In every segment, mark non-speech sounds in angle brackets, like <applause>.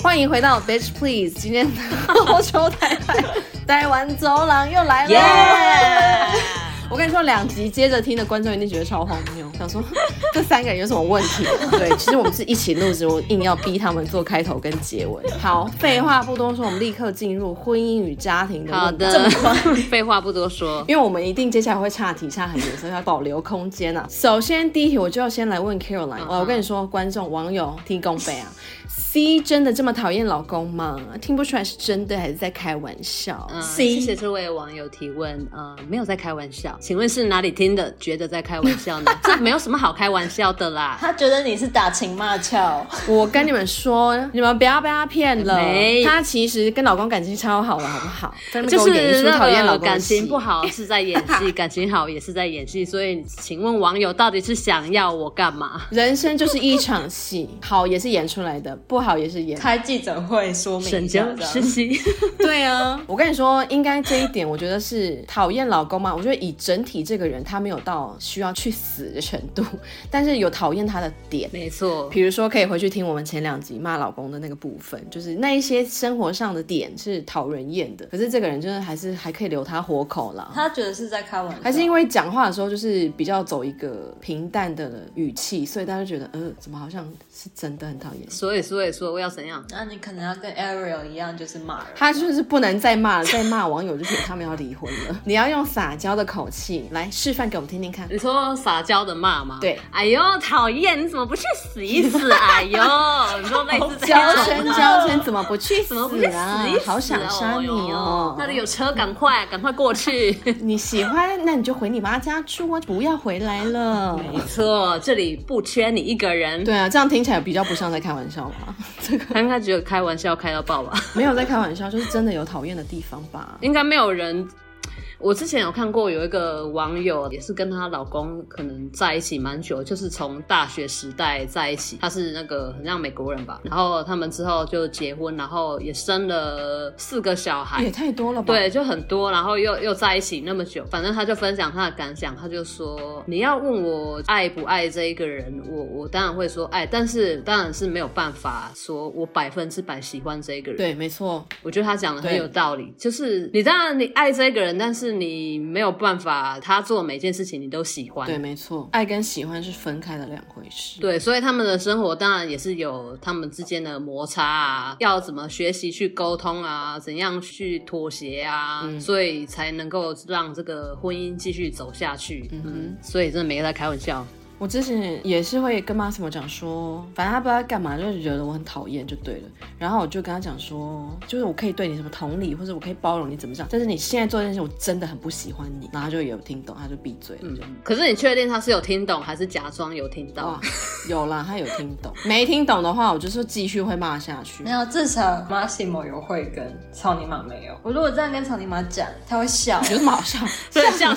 歡迎回到 Bitch Please，今天歐洲太胎呆 <laughs> 丸軸郎又來了耶。Yeah. 我跟你說，兩集接着聽的觀眾一定覺得超荒謬， <laughs> 想說這三個人有什麼問題、啊？ <laughs> 對，其實我們是一起錄制，我硬要逼他們做開頭跟結尾。好，廢、okay. 話不多說，我們立刻進入婚姻與家庭的正題，廢 <laughs> 話不多說，因為我們一定接下來會岔題岔很多，所以要保留空間啊。首先第一題，我就要先來問 Caroline、uh -huh. 我跟你說，觀眾網友聽公杯啊。C 真的這麼討厭老公嗎？聽不出來是真的還是在開玩笑，嗯、？C 謝謝這位網友提問，啊、嗯，沒有在開玩笑。請問是哪裡聽的覺得在開玩笑呢？ <laughs> 這沒有什麼好開玩笑的啦。他覺得你是打情罵俏。 <laughs> 我跟你們說， <laughs> 你們不要被他騙了沒。他其實跟老公感情超好的，好不好？ <laughs> 是就是，那個，老公的感情不好是在演戲，感情好也是在演戲。所以請問網友到底是想要我幹嘛？ <laughs> 人生就是一場戲，好也是演出來的。不好也是演開記者會說明，省江實習。對啊， <laughs> 我跟你說，應該這一點，我覺得是討厭老公嘛。我覺得以整體這個人，他沒有到需要去死的程度，但是有討厭他的點。沒錯，比如說可以回去聽我們前兩集罵老公的那個部分，就是那一些生活上的點是討人厭的。可是這個人真的還是還可以留他活口了。他覺得是在開玩笑，還是因為講話的時候就是比較走一個平淡的語氣，所以大家覺得嗯、呃、怎麼好像是真的很討厭。所以說。所以說我要怎樣？那你可能要跟 Ariel 一樣，就是罵。他就是不能再罵了，再罵網友就是他們要離婚了。你要用撒嬌的口氣來示範給我們聽聽看。你說撒嬌的罵嗎？對。哎呦，討厭！你怎麼不去死一次？ <laughs> 哎呦，你說每次，嬌生嬌生怎麼不去死、啊？怎麼不死死、啊、好想殺你哦！哎、那裡有車，趕快趕快過去。 <laughs> 你喜歡，那你就回你媽家住啊！不要回來了。沒錯，這裡不缺你一個人。對啊，這樣聽起來比較不像在開玩笑。 <laughs> 這個他應該只有開玩笑開到爆吧，沒有在開玩笑，就是真的有討厭的地方吧， <laughs> 應該沒有人。我之前有看過有一個網友，也是跟她老公可能在一起蠻久，就是從大學時代在一起。她是那個很像美國人吧，然後他們之後就結婚，然後也生了四個小孩，也太多了吧？對，就很多，然後又又在一起那麼久。反正他就分享他的感想，他就說：你要問我愛不愛這一個人，我我當然會說愛，但是當然是沒有辦法說我百分之百喜歡這一個人。對，沒錯，我覺得他講的很有道理，就是你當然你愛這個人，但是。是你沒有辦法，他做每件事情你都喜歡。對，沒錯，愛跟喜歡是分開的兩回事，對，所以他們的生活當然也是有他們之間的摩擦啊，要怎麼學習去溝通啊，怎樣去妥協啊，嗯，所以才能夠讓這個婚姻繼續走下去，嗯，嗯，所以真的沒在開玩笑。我之前也是會跟馬西莫講說，反正他不知道幹嘛，就惹得我很討厭就對了。然後我就跟他講說，就是我可以對你什麼同理，或者我可以包容你怎麼講，但是你現在做這件事，我真的很不喜歡你。然後他就有聽懂，他就閉嘴、嗯、可是你確定他是有聽懂，還是假裝有聽懂？有啦，他有聽懂。 <laughs> 沒聽懂的話，我就是繼續會罵下去。沒有，至少馬西莫有會跟草泥馬沒有。我如果這樣跟草泥馬講，他會笑，就 <laughs> 馬點、欸 <laughs> 欸、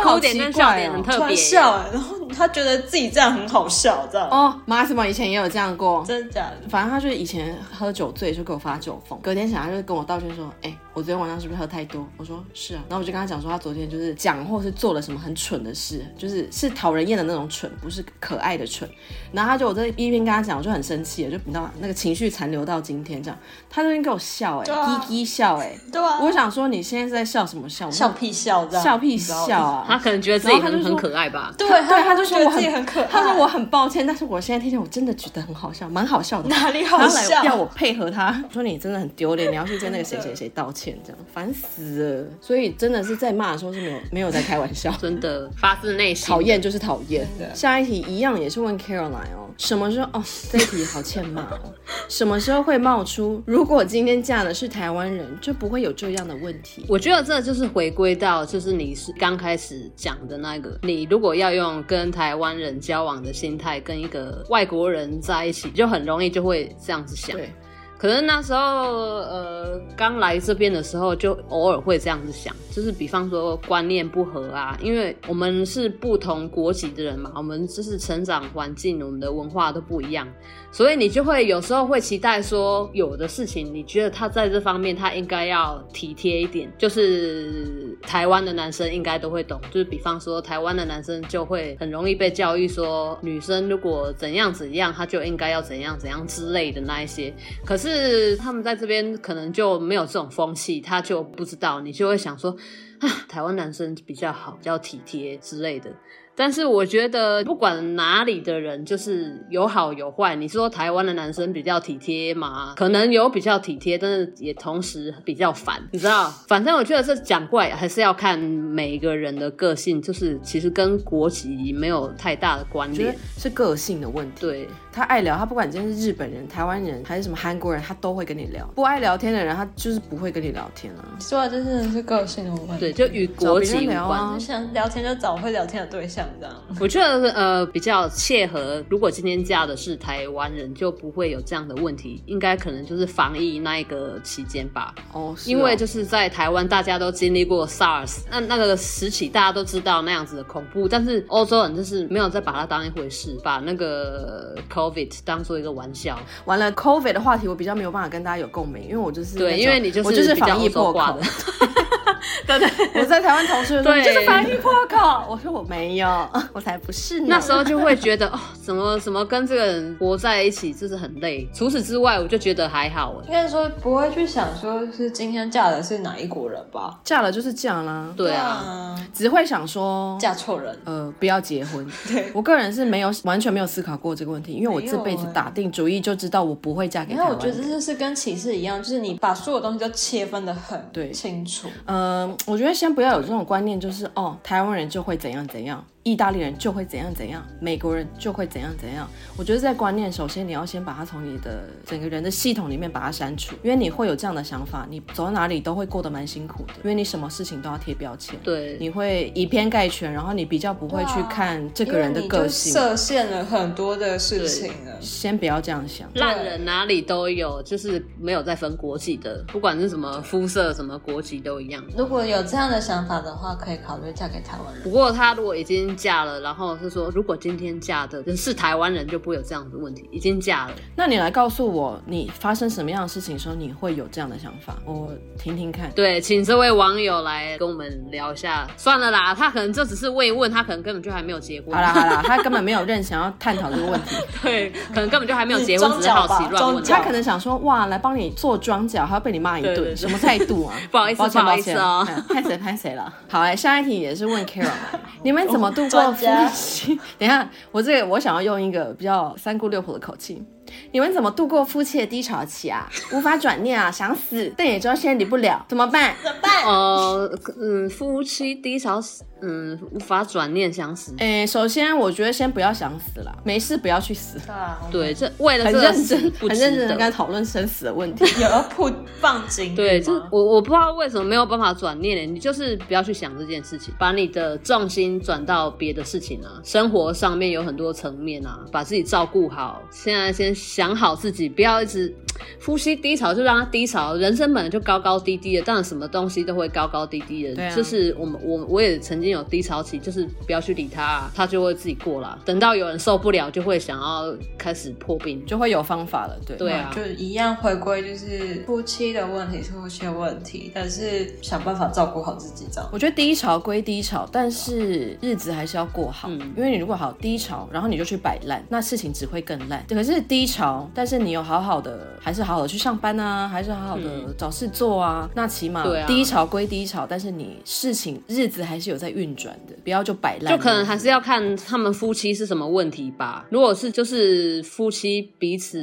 哭點跟笑點很特別、哦。然後他覺得自己這樣很好笑，知道嗎？哦，馬斯堡以前也有這樣過，真的假的？反正他就是以前喝酒醉就給我發酒瘋，隔天起來他就跟我道歉說，哎。我昨天晚上是不是喝太多？我說是啊，然後我就跟他講說，他昨天就是講或是做了什麼很蠢的事，就是是討人厭的那種蠢，不是可愛的蠢。然後他就我在一邊跟他講，我就很生氣，就你知道嗎？那個情緒殘留到今天這樣。他那邊給我笑哎、欸，嘻嘻、啊、笑哎、欸，對啊。我想說你現在是在笑什麼笑？笑屁笑這樣？笑屁笑啊！他可能覺得自己很，很可愛吧？對對，他就覺得自己很可愛。他說我很抱歉，但是我現在聽見我真的覺得很好笑，蠻好笑的。哪裡好笑？要我配合他？ <laughs> 說你真的很丟臉，你要去見那個誰誰誰道歉。這樣煩死了，所以真的是在罵的時候是沒有沒有在開玩笑，真的發自內心討厭就是討厭。下一題一樣也是問 Caroline 哦，什麼時候？哦，這一題好欠罵哦。 <laughs> 什麼時候會冒出？如果今天嫁的是台灣人，就不會有這樣的問題。我覺得這就是回歸到就是你是剛開始講的那個，你如果要用跟台灣人交往的心態跟一個外國人在一起，就很容易就會這樣子想。對。可能那時候，呃，剛來這邊的時候，就偶爾會這樣子想，就是比方說觀念不合啊，因為我們是不同國籍的人嘛，我們就是成長環境、我們的文化都不一樣，所以你就會有時候會期待說，有的事情你覺得他在這方面他應該要體貼一點，就是台灣的男生應該都會懂，就是比方說台灣的男生就會很容易被教育說，女生如果怎樣怎樣，他就應該要怎樣怎樣之類的那一些，可是。是他們在這邊可能就沒有這種風氣，他就不知道，你就會想說啊，台灣男生比較好，比較體貼之類的。但是我覺得不管哪裡的人，就是有好有壞。你說台灣的男生比較體貼嘛？可能有比較體貼，但是也同時比較煩，你知道？反正我覺得這講怪還是要看每一個人的個性，就是其實跟國籍沒有太大的關聯，是個性的問題。對。他愛聊，他不管今天是日本人、台灣人還是什麼韓國人，他都會跟你聊。不愛聊天的人，他就是不會跟你聊天啊。說啊，這些人是個性無關，對，就與國籍無關。想聊天就找會聊天的對象，這樣。我覺得呃比較切合，如果今天嫁的是台灣人，就不會有這樣的問題。應該可能就是防疫那一個期間吧。哦，是哦，因為就是在台灣，大家都經歷過 SARS，那那個時期大家都知道那樣子的恐怖，但是歐洲人就是沒有再把它當一回事，把那個口，當做一個玩笑，完了 Covid 的話題，我比較沒有辦法跟大家有共鳴，因為我就是對，因為你就是，我就是防疫破口。 <laughs> <laughs> 對對，對，我在台灣同事對。對就是防疫破口，我說我沒有，我才不是呢。那時候就會覺得哦，怎麼怎麼跟這個人活在一起，就是很累。除此之外，我就覺得還好。應該說不會去想，說是今天嫁的是哪一國人吧？嫁了就是嫁啦。對啊，啊，只會想說嫁錯人，呃，不要結婚。對我個人是沒有完全沒有思考過這個問題，因為我這輩子打定主意就知道我不會嫁給的、欸。因為我覺得這是跟歧視一樣，就是你把所有東西都切分的很對清楚。嗯，我覺得先不要有這種觀念，就是哦，台灣人就會怎樣怎樣。意大利人就會怎樣怎樣，美國人就會怎樣怎樣。我覺得在觀念，首先你要先把它從你的整個人的系統裡面把它刪除，因為你會有這樣的想法，你走到哪裡都會過得蠻辛苦的，因為你什麼事情都要貼標籤。對，你會以偏概全，然後你比較不會去看、啊、這個人的個性，設限了很多的事情了。先不要這樣想，爛人哪裡都有，就是沒有在分國籍的，不管是什麼膚色、什麼國籍都一樣。如果有這樣的想法的話，可以考慮嫁給台灣人。不過他如果已經嫁了，然後是說，如果今天嫁的人是台灣人，就不會有這樣的問題。已經嫁了，那你來告訴我，你發生什麼樣的事情，說你會有這樣的想法，我聽聽看。對，請這位網友來跟我們聊一下。算了啦，他可能就只是慰問，他可能根本就還沒有結婚。好啦好啦，他根本沒有認真 <laughs> 想要探討這個問題。 <laughs> 對，可能根本就還沒有結婚。 <laughs> 只是好奇諮商吧，亂問。他可能想說，哇，來幫你做諮商，還要被你罵一頓，對對對對什麼態度啊？ <laughs> 不好意思，抱歉，抱歉啊。拍謝拍謝了？好哎，下一題也是問 Carol， <laughs> 你們怎麼度？做夫妻， <laughs> 等一下，我這個我想要用一個比較三姑六婆的口氣。你們怎麼度過夫妻的低潮期啊？無法轉念啊，想死，但也知道現在離不了，怎麼辦？怎麼辦？呃、uh,，嗯，夫妻低潮，嗯，無法轉念想死。哎、欸，首先我覺得先不要想死了，沒事不要去死。對、啊，這、okay. 為了認、這、真、個、很認真的跟討論生死的問題，也 <laughs> 要鋪放精。對，這、就是、我我不知道為什麼沒有辦法轉念，你就是不要去想這件事情，把你的重心轉到別的事情啊。生活上面有很多層面啊，把自己照顧好。現在先。想好自己，不要一直呼吸低潮，就讓它低潮。人生本來就高高低低的，當然什麼東西都會高高低低的。對啊、就是我們我我也曾經有低潮期，就是不要去理他、啊，他就會自己過啦。等到有人受不了，就會想要開始破冰，就會有方法了。對，對、啊。就一樣回歸，就是夫妻的問題是夫妻的問題，但是想辦法照顧好自己。這樣我覺得低潮歸低潮，但是日子還是要過好、嗯。因為你如果好低潮，然後你就去擺爛，那事情只會更爛。可是低。潮，但是你有好好的，還是好好的去上班啊，還是好好的找事做啊？那起碼對啊，低潮歸低潮，但是你事情日子還是有在運轉的，不要就擺爛。就可能還是要看他們夫妻是什麼問題吧。如果是就是夫妻彼此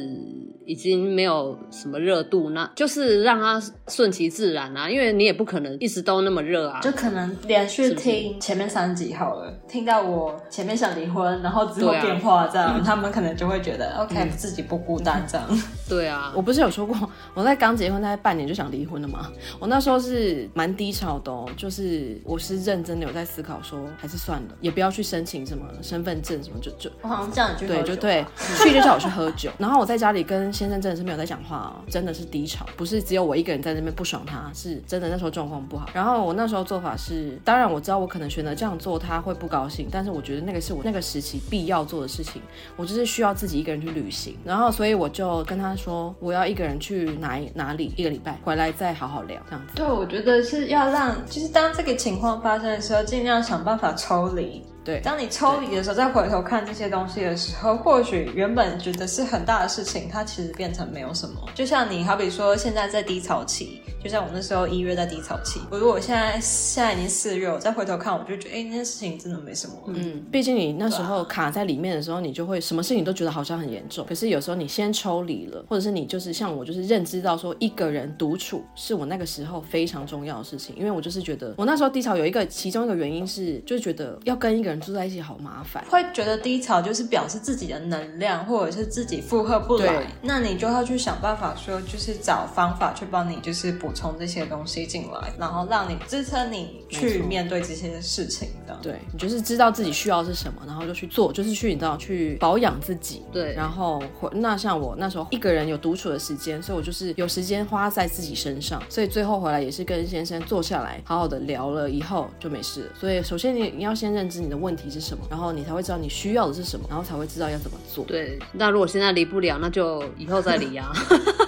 已經沒有什麼熱度，那就是讓他順其自然啊，因為你也不可能一直都那麼熱啊。就可能連續是不是？聽前面三集好了，聽到我前面想離婚，然後只有電話這樣、啊嗯，他們可能就會覺得 OK、嗯。自己不孤單，這樣 <laughs> 對啊。我不是有說過，我在剛結婚大概半年就想離婚了嗎？我那時候是蠻低潮的，哦，就是我是認真的，有在思考說還是算了，也不要去申請什麼身份證什麼，就就我好像這樣對，就對。 <laughs> 去就叫我去喝酒，然後我在家裡跟先生真的是沒有在講話啊、哦，真的是低潮，不是只有我一個人在那邊不爽他，他是真的那時候狀況不好。然後我那時候做法是，當然我知道我可能選擇這樣做他會不高興，但是我覺得那個是我那個時期必要做的事情，我就是需要自己一個人去旅行。然後，所以我就跟他說，我要一個人去哪哪裡一個禮拜，回來再好好聊，這樣子。對，我覺得是要讓，就是當這個情況發生的時候，盡量想辦法抽離。對，當你抽離的時候，再回頭看這些東西的時候，或許原本覺得是很大的事情，它其實變成沒有什麼。就像你好比說，現在在低潮期，就像我那時候一月在低潮期，如我如果現在現在已經四月，我再回頭看，我就覺得哎、欸，那件事情真的沒什麼、啊。嗯，畢竟你那時候卡在裡面的時候，你就會什麼事情都覺得好像很嚴重、啊。可是有時候你先抽離了，或者是你就是像我，就是認知到說一個人獨處是我那個時候非常重要的事情，因為我就是覺得我那時候低潮有一個其中一個原因是，就覺得要跟一個人。住在一起好麻煩，會覺得低潮就是表示自己的能量，或者是自己負荷不來。對，那你就要去想辦法說，就是找方法去幫你，就是補充這些東西進來，然後讓你支撐你去面對這些事情的。對，你就是知道自己需要是什麼，然後就去做，就是去你知道去保養自己。對，對，然後那像我那時候一個人有獨處的時間，所以我就是有時間花在自己身上，所以最後回來也是跟先生坐下來好好的聊了以後就沒事。所以首先你你要先認知你的問題是什麼，然後你才會知道你需要的是什麼，然後才會知道要怎麼做。對，那如果現在離不了，那就以後再離啊。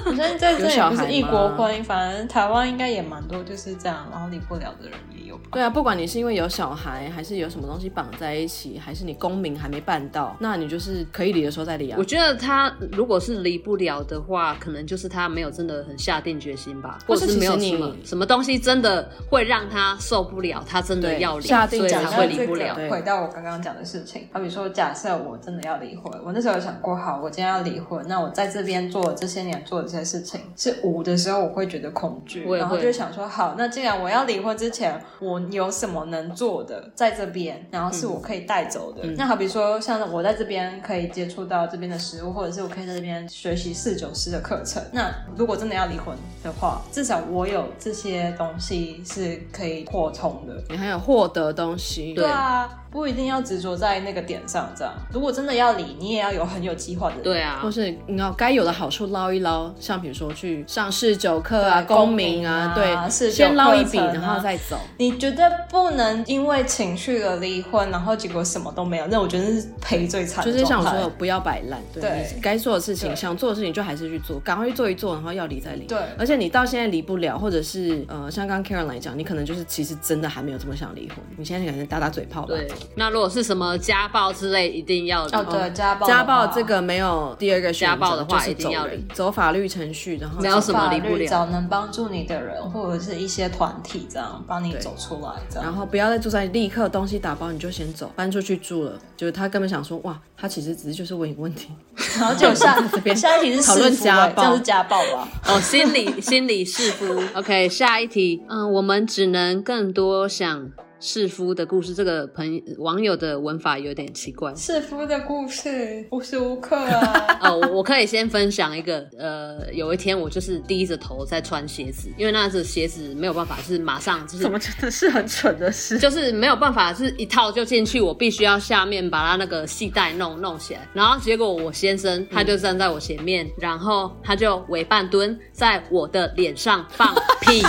現 <laughs> 在這也不是異國婚姻，反正台灣應該也蠻多就是這樣，然後離不了的人也有。對啊，不管你是因為有小孩，還是有什麼東西綁在一起，還是你公民還沒辦到，那你就是可以離的時候再離啊。我覺得他如果是離不了的話，可能就是他沒有真的很下定決心吧，或是沒有什麼你什麼東西真的會讓他受不了，他真的要離，所以他才會離不了。對到我剛剛講的事情，好比說，假設我真的要離婚，我那時候有想過，好，我今天要離婚，那我在這邊做這些年做的這些事情是無的時候，我會覺得恐懼會會，然後就想說，好，那既然我要離婚之前，我有什麼能做的在這邊，然後是我可以帶走的、嗯。那好比說，像我在這邊可以接觸到這邊的食物，或者是我可以在這邊學習侍酒師的課程。那如果真的要離婚的話，至少我有這些東西是可以擴充的，你還有獲得東西，對，對啊。不一定要執着在那個點上，這樣。如果真的要離，你也要有很有計劃的，對啊。或是你要該有的好處撈一撈，像比如說去上市九課啊，啊、公民啊，對，啊、先撈一筆然後再走。你絕對不能因為情緒而離婚，然後結果什麼都沒有。那我覺得是賠最慘的。就是像我說，不要擺爛，對，對你該做的事情、想做的事情就還是去做，趕快去做一做，然後要離再離。對。而且你到現在離不了，或者是呃，像剛 Karen 來講，你可能就是其實真的還沒有這麼想離婚，你現在感覺打打嘴炮吧。對。那如果是什麼家暴之類，一定要哦，對，家暴家暴這個沒有第二個選擇，的話一定要、就是、走，走法律程序，然後沒有什麼離不了。找能幫助你的人或者是一些團體這樣幫你走出來。然後不要再住在立刻東西打包你就先走搬出去住了，就是他根本想說哇，他其實只是就是問一個問題， <laughs> 然後就下這邊 <laughs> 下一題是 <laughs> 討論家暴，就、欸、是家暴吧？ <laughs> 哦，心理心理弑夫。OK，下一題，嗯，我們只能更多想。試夫的故事，這個朋友網友的文法有點奇怪。試夫的故事無時無刻啊， <laughs> 哦我，我可以先分享一個，呃，有一天我就是低着頭在穿鞋子，因為那只鞋子沒有辦法，就是馬上就是怎麼真的是很蠢的事，就是沒有辦法、就是一套就進去，我必須要下面把它那個繫帶弄弄起來，然後結果我先生他就站在我前面，嗯、然後他就尾半蹲在我的臉上放屁，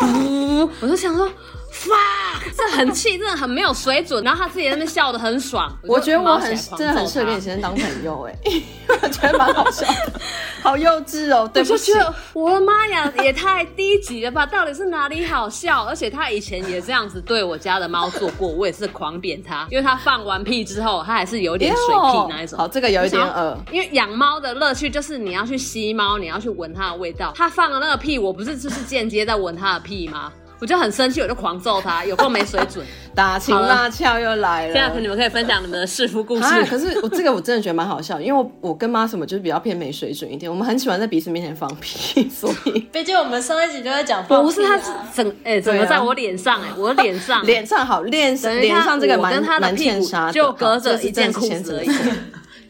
<laughs> 我就想說。哇，這很氣，真的很沒有水準，然後他自己在那邊笑得很爽我。我覺得我很真的很適合跟先生當朋友、欸、 <laughs> 我覺得蠻好笑，好幼稚哦、喔，對不起，我，我的媽呀，也太低級了吧？到底是哪裡好笑？而且他以前也這樣子對我家的貓做過，我也是狂扁他，因為他放完屁之後，他還是有點水屁那一種。欸哦、好，這個有一點惡，因為養貓的樂趣就是你要去吸貓，你要去聞它的味道，它放了那個屁，我不是就是間接在聞它的屁嗎？我就很生氣，我就狂揍他，有夠沒水準！ <laughs> 打情罵俏又來了，下次你們可以分享你們的弒夫故事、 <laughs> 啊。可是我這個我真的覺得蠻好笑，因為我，我跟媽什麼就是比較偏沒水準一點，我們很喜歡在彼此面前放屁，所以，畢竟我們上一集就在講放屁不是他是整哎、欸、怎麼在我臉上、欸是是欸啊我上欸？我臉上臉、欸、 <laughs> 上好臉臉上這個蠻蠻欠殺的就隔着一件褲子而已。 <laughs>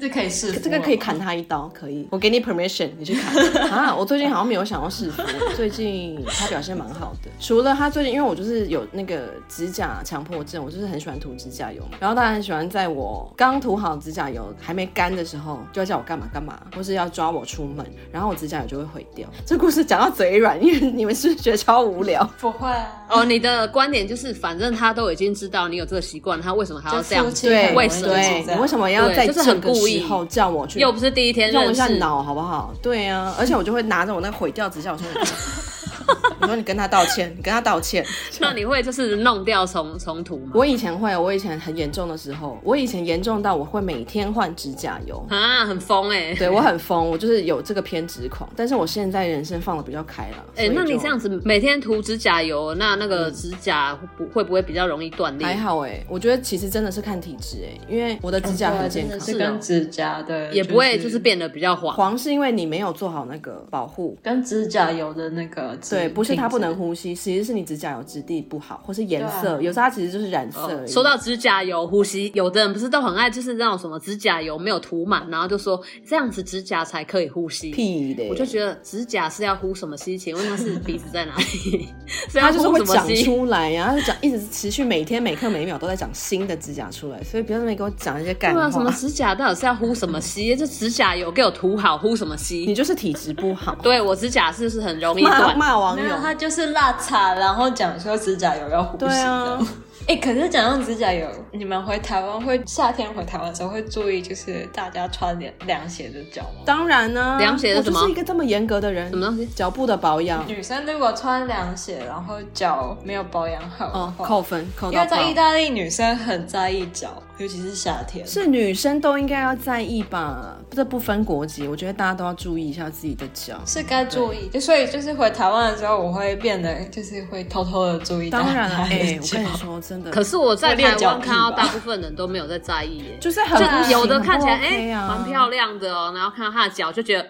這可以試，這個可以砍他一刀，可以，我給你 permission，你去砍 <laughs> 啊！我最近好像沒有想要試服，最近他表現蠻好的，除了他最近，因為我就是有那個指甲強迫症，我就是很喜歡塗指甲油嘛，然後他很喜歡在我剛塗好指甲油還沒乾的時候，就要叫我幹嘛幹嘛，或是要抓我出門，然後我指甲油就會毀掉。這故事講到嘴軟，因為你們是不是覺得超無聊？不會，哦、oh，你的觀點就是，反正他都已經知道你有這個習慣，他為什麼還要這樣？對，為什麼？你為什麼要在這部。就是、很固以後叫我去，又不是第一天認識。用一下腦，好不好？對呀、啊，而且我就會拿着我那個毀掉指甲，我說。 <laughs> <laughs> 你說你跟他道歉，你跟他道歉， <laughs> 那你會就是弄掉重重塗嗎？我以前會，我以前很嚴重的時候，我以前嚴重到我會每天換指甲油啊，很瘋哎、欸。對，我很瘋，我就是有這個偏執狂。但是我現在人生放得比較開朗。哎、欸，那你這樣子每天塗指甲油，那那個指甲會不會不會比較容易斷裂、嗯？還好哎、欸，我覺得其實真的是看體質哎、欸，因為我的指甲很健康，哦啊、是跟指甲對、哦、對，也不會就是變得比較黃。就是、黃是因為你沒有做好那個保護，跟指甲油的那個指甲。對，不是它不能呼吸，其實是你指甲油質地不好，或是顏色。啊、有時候，它其實就是染色而已。Oh, 說到指甲油呼吸，有的人不是都很愛，就是那種什麼指甲油沒有塗滿，然後就說這樣子指甲才可以呼吸。屁的！我就覺得指甲是要呼什麼吸？請問它是鼻子在哪裡？ <laughs> 所以他就是會講出來呀，他就講一直持續，每天每刻每秒都在講新的指甲出來，所以不要那麼給我講一些幹話。對、啊。什麼指甲到底是要呼什麼吸？就 <laughs> 指甲油給我塗好呼什麼吸？你就是體質不好。 <laughs> 對，我指甲是是很容易斷？沒有，他就是邋遢，然後講說指甲油要呼吸的。哎、欸，可是講到指甲油，你們回台灣會夏天回台灣的時候會注意，就是大家穿涼涼鞋的腳嗎？當然呢、啊，涼鞋是什麼？是一個這麼嚴格的人，什麼東西？腳部的保養。女生如果穿涼鞋，然後腳沒有保養好、哦，扣分，扣到。因為在意大利，女生很在意腳，尤其是夏天。是女生都應該要在意吧？這不，不分國籍，我覺得大家都要注意一下自己的腳。是該注意，就所以就是回台灣的時候，我會變得就是會偷偷的注意大家的腳。當然了，哎、欸，我跟你說。真的。可是我在台灣看到大部分人都沒有在在意、欸，就是很，有的看起來哎、欸、蠻、okay 啊、漂亮的哦、喔，然後看到他的腳就覺得，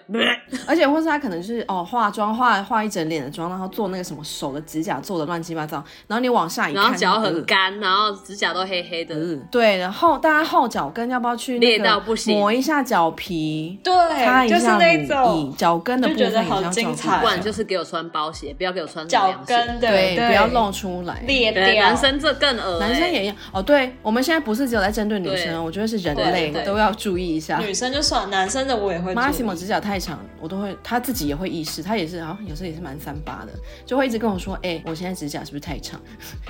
而且或是他可能就是哦化妝化化一整臉的妝，然後做那個什麼手的指甲做的亂七八糟，然後你往下一看，然後腳很乾，然後指甲都黑黑的。嗯、對，然後大家後腳跟要不要去、那個、裂到不行。磨一下腳皮？對，擦一下你就是那種腳跟的部分，就覺得好精彩就是給我穿包鞋，不要給我穿涼鞋對對。對，不要露出來，裂掉，男生這個。男生也一樣、欸、哦，對我們現在不是只有在針對女生對，我覺得是人類對對對，都要注意一下。女生就算，男生的我也會注意。馬、嗯，西莫指甲太長，我都會，他自己也會意識，他也是啊，有時候也是蠻三八的，就會一直跟我說，哎、欸，我現在指甲是不是太長？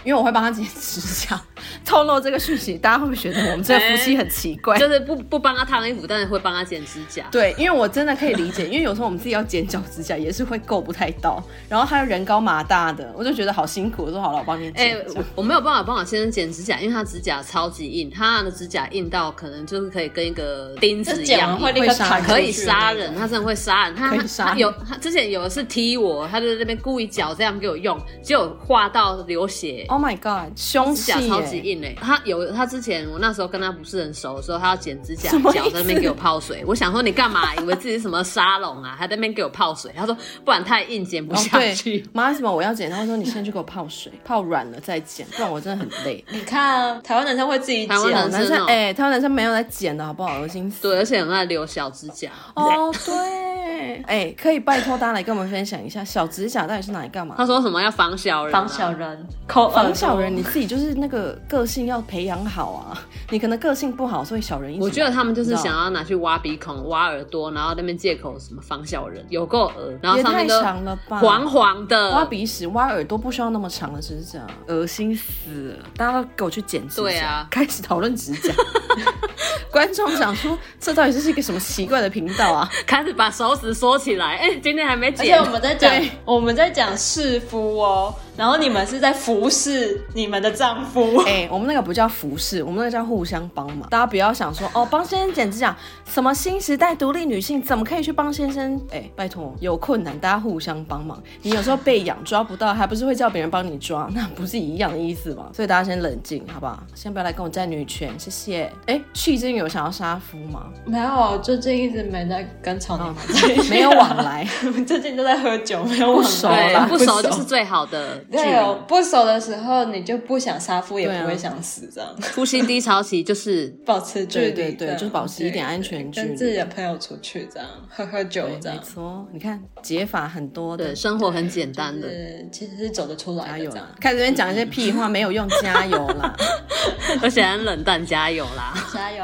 因為我會幫他剪指甲，透露這個訊息，大家會不會覺得我們這個夫妻很奇怪？就是不不幫他燙衣服，但是會幫他剪指甲。對，因為我真的可以理解， <laughs> 因為有時候我們自己要剪腳指甲也是會夠不太到，然後他又人高馬大的，我就覺得好辛苦。我就說好了，我幫你剪。哎、欸，我沒有辦法。幫我先生剪指甲，因為他指甲超級硬，他的指甲硬到可能就是可以跟一個釘子一樣、啊一，會砍，可以殺人，以人、那個，他真的會殺人他。他有他之前有一次踢我，他就在那邊故意腳這樣給我用，就劃到流血。Oh my god，兇器、欸、指甲超級硬哎、欸。他有他之前我那時候跟他不是很熟的時候，他要剪指甲，腳在那邊給我泡水。我想說你幹嘛？以為自己是什麼沙龍啊？還 <laughs> 在那邊給我泡水。他說不然太硬剪不下去。媽、oh, 什麼我要剪？他說你先去給我泡水， <laughs> 泡軟了再剪，不然我真的。很累， <laughs> 你看台灣男生會自己剪，男生哎、欸，台灣男生沒有在剪的好不好，惡心死了。對，而且很愛留小指甲。哦，對，哎、 <laughs> 欸，可以拜託大家來跟我們分享一下小指甲到底是拿來幹嘛？他說什麼要防小人、啊？防小人防小人，你自己就是那個個性要培養好啊。你可能個性不好，所以小人一直，我覺得他們就是想要拿去挖鼻孔、挖耳朵，然後那邊借口什麼防小人，有夠耳。然後黃黃太長了吧，黃黃的，挖鼻屎、挖耳朵不需要那麼長的指甲，惡心死。大家都給我去剪指甲，對啊，開始討論指甲。 <laughs> <laughs> 觀眾想說，這到底這是一個什麼奇怪的頻道啊？ <laughs> 開始把手指縮起來，哎、欸，今天還沒剪。而且我們在講，我們在講試膚哦。然後你們是在服侍你們的丈夫？哎、欸，我們那個不叫服侍，我們那個叫互相幫忙。大家不要想說哦，幫先生剪指甲，什麼新時代獨立女性怎麼可以去幫先生？哎、欸，拜託，有困難大家互相幫忙。你有時候背癢抓不到，還不是會叫別人幫你抓？那不是一樣的意思嗎？所以大家先冷靜，好不好？先不要來跟我戰女權，謝謝。哎、欸，之前有想要殺夫嗎？沒有，就最近一直沒在跟草泥馬在沒有往來， <laughs> 最近都在喝酒，沒有往來不熟，不熟就是最好的。對。不熟的時候，你就不想殺夫，啊，也不會想死，這樣。夫妻低潮期就是 <laughs> 保持距離。對對對，就是保持一點安全距離。跟自己的朋友出去這樣喝喝酒，這樣。沒錯，你看解法很多的，對生活很簡單的，就是，其實是走得出來。這樣看這邊講一些屁話沒有用，加油啦！ <laughs> <laughs> 我想要冷淡加油啦， <laughs> 加油！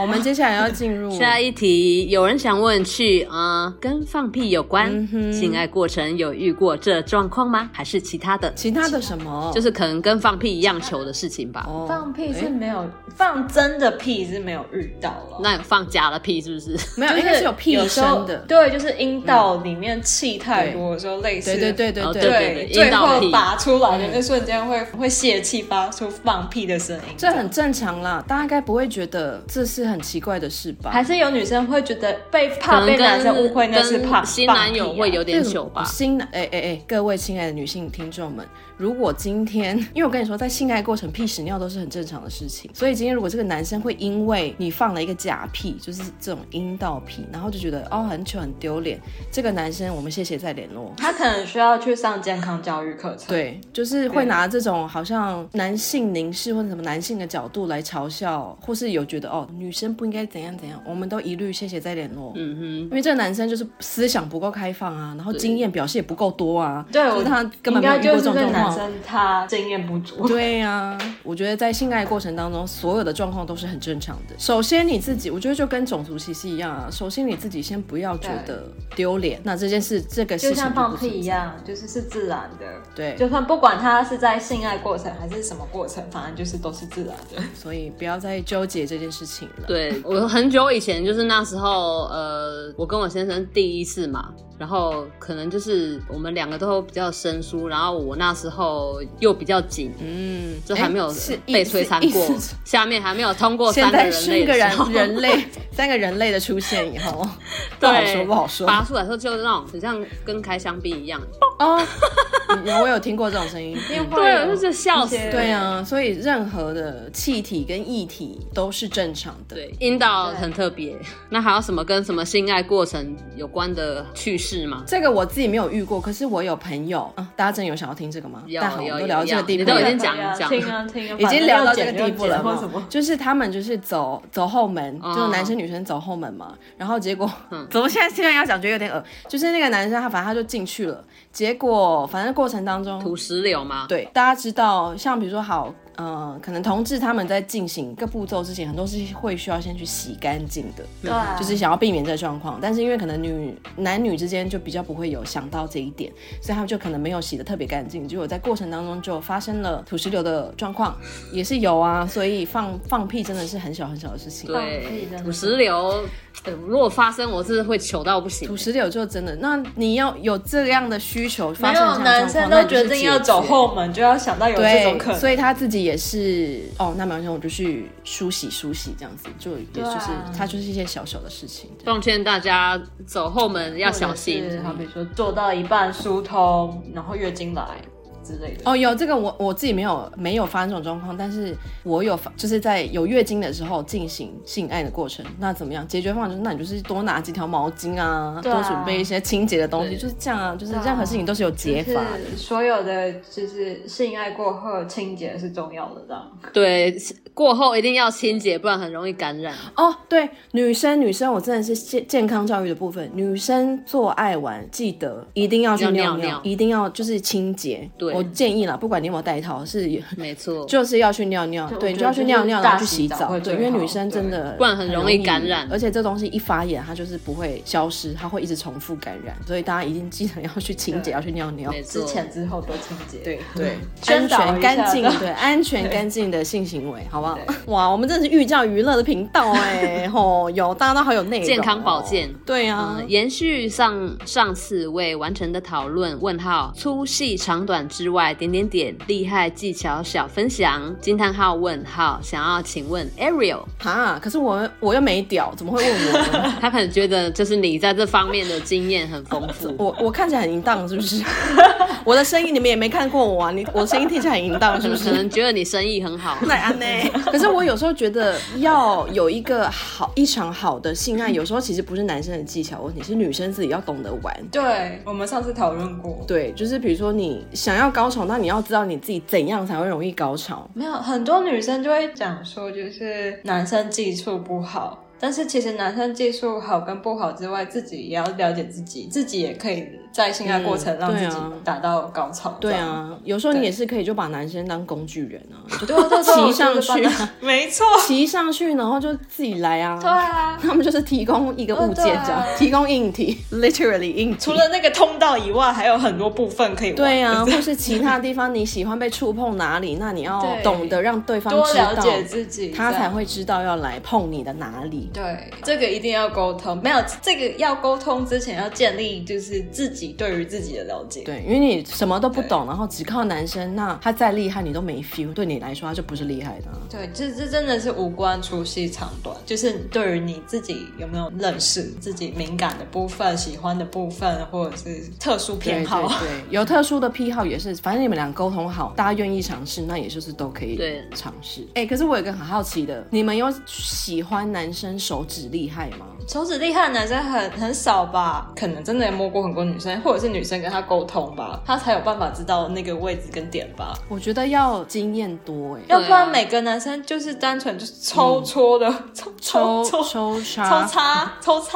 我們接下來要進入下一題。有人想問去啊，嗯，跟放屁有關、嗯？性愛過程有遇過這狀況嗎？還是其他的？其他的什麼，就是可能跟放屁一樣糗的事情吧。哦，放屁是沒有、嗯、放真的屁是沒有遇到了，那你放假的屁是不是沒有？因、就、為是有屁聲的。對，就是陰道裡面氣太多，說、嗯、類似。對對對對對，陰、哦、道屁。最後拔出來的那、嗯、瞬間會會洩氣，發出放屁的聲音，這很正常啦。嗯、大家該不會覺得這是很奇怪的事吧？還是有女生會覺得被怕被男生誤會那、啊，那是怕新男友會有點糗吧？嗯、新男，哎哎哎，各位親愛的女性聽眾。我們。如果今天，因為我跟你說，在性愛過程，屁屎尿都是很正常的事情。所以今天，如果這個男生會因為你放了一個假屁，就是這種陰道屁，然後就覺得哦，很糗很丟臉，這個男生我們謝謝再聯絡。他可能需要去上健康教育課程。對，就是會拿這種好像男性凝視或者什麼男性的角度來嘲笑，或是有覺得哦，女生不應該怎樣怎樣，我們都一律謝謝再聯絡。嗯哼，因為這個男生就是思想不夠開放啊，然後經驗表示也不夠多啊，對、覺得、就是、他根本沒有遇過這種狀況。本身他經驗不足，對呀、啊，我覺得在性愛過程當中，所有的狀況都是很正常的。首先你自己，我覺得就跟種族歧視一樣、啊，首先你自己先不要覺得丟臉。那這件事，這個就像放屁一樣，就是是自然的。對，就算不管他是在性愛過程還是什麼過程，反正就是都是自然的。所以不要再糾結這件事情了。對，我很久以前，就是那時候，呃，我跟我先生第一次嘛，然後可能就是我們兩個都比較生疏，然後我那時候。後又比較緊，嗯，就還沒有被摧殘過、欸，下面還沒有通過三個人類，個人，人類， <laughs> 三個人類的出現以後，對，不好說，不好說，拔出來時候就是那種很像跟開香檳一樣啊。Oh. <laughs> 我有聽過這種聲音，對，就是笑死。對啊，所以任何的氣體跟液體都是正常的。對，陰道很特別。那還有什麼跟什麼性愛過程有關的趣事嗎？這個我自己沒有遇過，可是我有朋友。啊，大家真的有想要聽這個嗎？要要要要。都，你都已經講一講，聽啊聽啊。已經聊到這個地步了嗎？就是他們就是走走後門、嗯，就是男生女生走後門嘛。然後結果、嗯、怎麼現在現在要講，覺得有點噁。就是那個男生，他反正他就進去了，結果反正。過程當中，土石流嗎？對，大家知道，像比如說好，好、呃，可能同志他們在進行各步驟之前，很多事情會需要先去洗乾淨的，對，就是想要避免這個狀況。但是因為可能女男女之間就比較不會有想到這一點，所以他們就可能沒有洗得特別乾淨，結果在過程當中就發生了土石流的狀況，也是有啊。所以放放屁真的是很小很小的事情，對，哦、可以這樣，土石流。對，如果發生，我是，是會糗到不行。土石流，就真的。那你要有這樣的需求，沒有男生都決定要走後門，就要想到有這種可能。對，所以他自己也是哦，那沒關係，我就去梳洗梳洗，這樣子就也就是對、啊、他就是一些小小的事情。奉勸大家走後門要小心，好比如說做到一半疏通，然後月經來。哦，oh, 有這個我我自己沒有沒有發生這種狀況，但是我有發就是在有月經的時候進行性愛的過程，那怎麼樣？解決方法就是那你就是多拿幾條毛巾啊，啊，多準備一些清潔的東西，就是這樣啊，就是任何事情都是有解法的。啊就是、所有的就是性愛過後清潔是重要的，這樣。對，過後一定要清潔，不然很容易感染。哦、oh，對，女生女生我真的是健健康教育的部分，女生做愛完記得一定要尿尿、嗯、尿尿，一定要就是清潔。對。我建議了，不管你有沒有帶套，是沒錯，就是要去尿尿，對你就要去尿尿，然後去洗澡對，因為女生真的不然很容易感染，而且這東西一發炎，它就是不會消失，它會一直重複感染，所以大家一定記得要去清潔，要去尿尿，之前之後都清潔，對對,對，安全乾淨，對安全乾淨的性行為，好不好？哇，我們真的是寓教於樂的頻道哎、欸、吼、 <laughs> 哦，有大家都好有內、哦，健康保健，對啊、嗯呃。延續上上次未完成的討論，問號粗細長短之。外點點點厲害技巧小分享，驚嘆號問號，想要請問 Ariel 哈、啊？可是我我又沒屌，怎麼會問我呢？ <laughs> 他可能覺得就是你在這方面的經驗很豐富。我我看起來很淫蕩，是不是？ <laughs> 我的聲音你們也沒看過我啊？你我聲音聽起來很淫蕩，是不是、嗯？可能覺得你生意很好、啊。安、啊、 <laughs> 可是我有時候覺得，要有一個好一場好的性愛，有時候其實不是男生的技巧問題，是女生自己要懂得玩。對我們上次討論過，對，就是比如說你想要。高潮，那你要知道你自己怎樣才會容易高潮？沒有，很多女生就會講說，就是男生技術不好。但是其實男生技術好跟不好之外，自己也要了解自己，自己也可以在性愛過程讓自己達到高潮、嗯對啊。對啊，有時候你也是可以就把男生當工具人啊，對就就騎上去，沒錯，騎上去，然後就自己來啊。對啊，他們就是提供一個物件，這樣。啊，提供硬體，literally 硬體。除了那個通道以外，還有很多部分可以玩對啊是不是？或是其他地方你喜歡被觸碰哪裡，那你要懂得讓對方對知道多了解自己，他才會知道要來碰你的哪裡。對，這個一定要溝通。沒有這個要溝通之前，要建立就是自己對於自己的了解。對，因為你什麼都不懂，然後只靠男生，那他再厲害，你都沒 feel，對你來說他就不是厲害的、啊。對，這這真的是無關粗細長短，就是對於你自己有沒有認識自己敏感的部分、喜歡的部分，或者是特殊偏好。對，有特殊的癖好也是，反正你們倆溝通好，大家願意嘗試，那也就是都可以對嘗試。哎、欸，可是我有一個很好奇的，你們有喜歡男生手指厲害嗎？手指厲害的男生很很少吧？可能真的也摸過很多女生，或者是女生跟他溝通吧，他才有辦法知道那個位置跟點吧。我覺得要經驗多哎、啊，要不然每個男生就是單純就是抽搓的抽抽抽抽抽插，抽,抽,抽,抽,抽,抽,抽,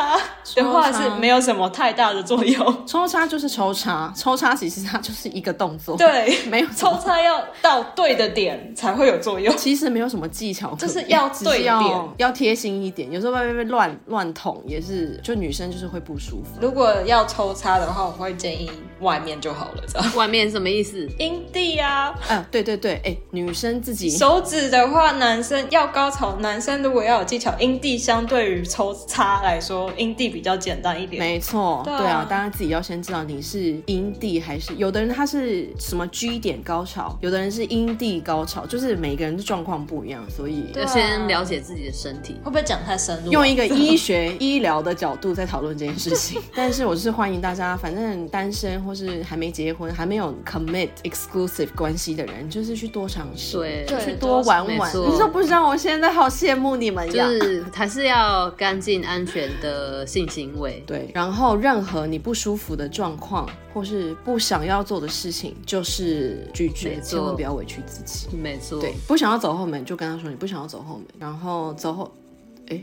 抽的話是沒有什麼太大的作用。抽插就是抽插，抽插其實它就是一個動作。對，沒有抽插要到對的點才會有作用。 <laughs> 其實沒有什麼技巧，就是要對點，要貼心一點。有時候外面亂亂也是，就女生就是會不舒服。如果要抽插的話，我會建議外面就好了。知道，外面什麼意思？陰蒂啊！啊，對對對，哎、欸，女生自己手指的話，男生要高潮，男生如果要有技巧，陰蒂相對於抽插來說，陰蒂比較簡單一點。沒錯，對啊，大家、啊、自己要先知道你是陰蒂還是有的人他是什麼 G 點高潮，有的人是陰蒂高潮，就是每個人的狀況不一樣，所以要、啊、先了解自己的身體。會不會講太深入、啊？用一個醫學。 <laughs> 醫療的角度在討論這件事情， <laughs> 但是我是歡迎大家，反正單身或是還沒結婚、還沒有 commit exclusive 關係的人，就是去多嘗試，對，去多玩玩。你說不知道，我現在好羨慕你們就是還是要乾淨、安全的性行為，對。然後任何你不舒服的狀況，或是不想要做的事情，就是拒絕，千萬不要委屈自己。沒錯，對，不想要走後門，就跟他說你不想要走後門，然後走後。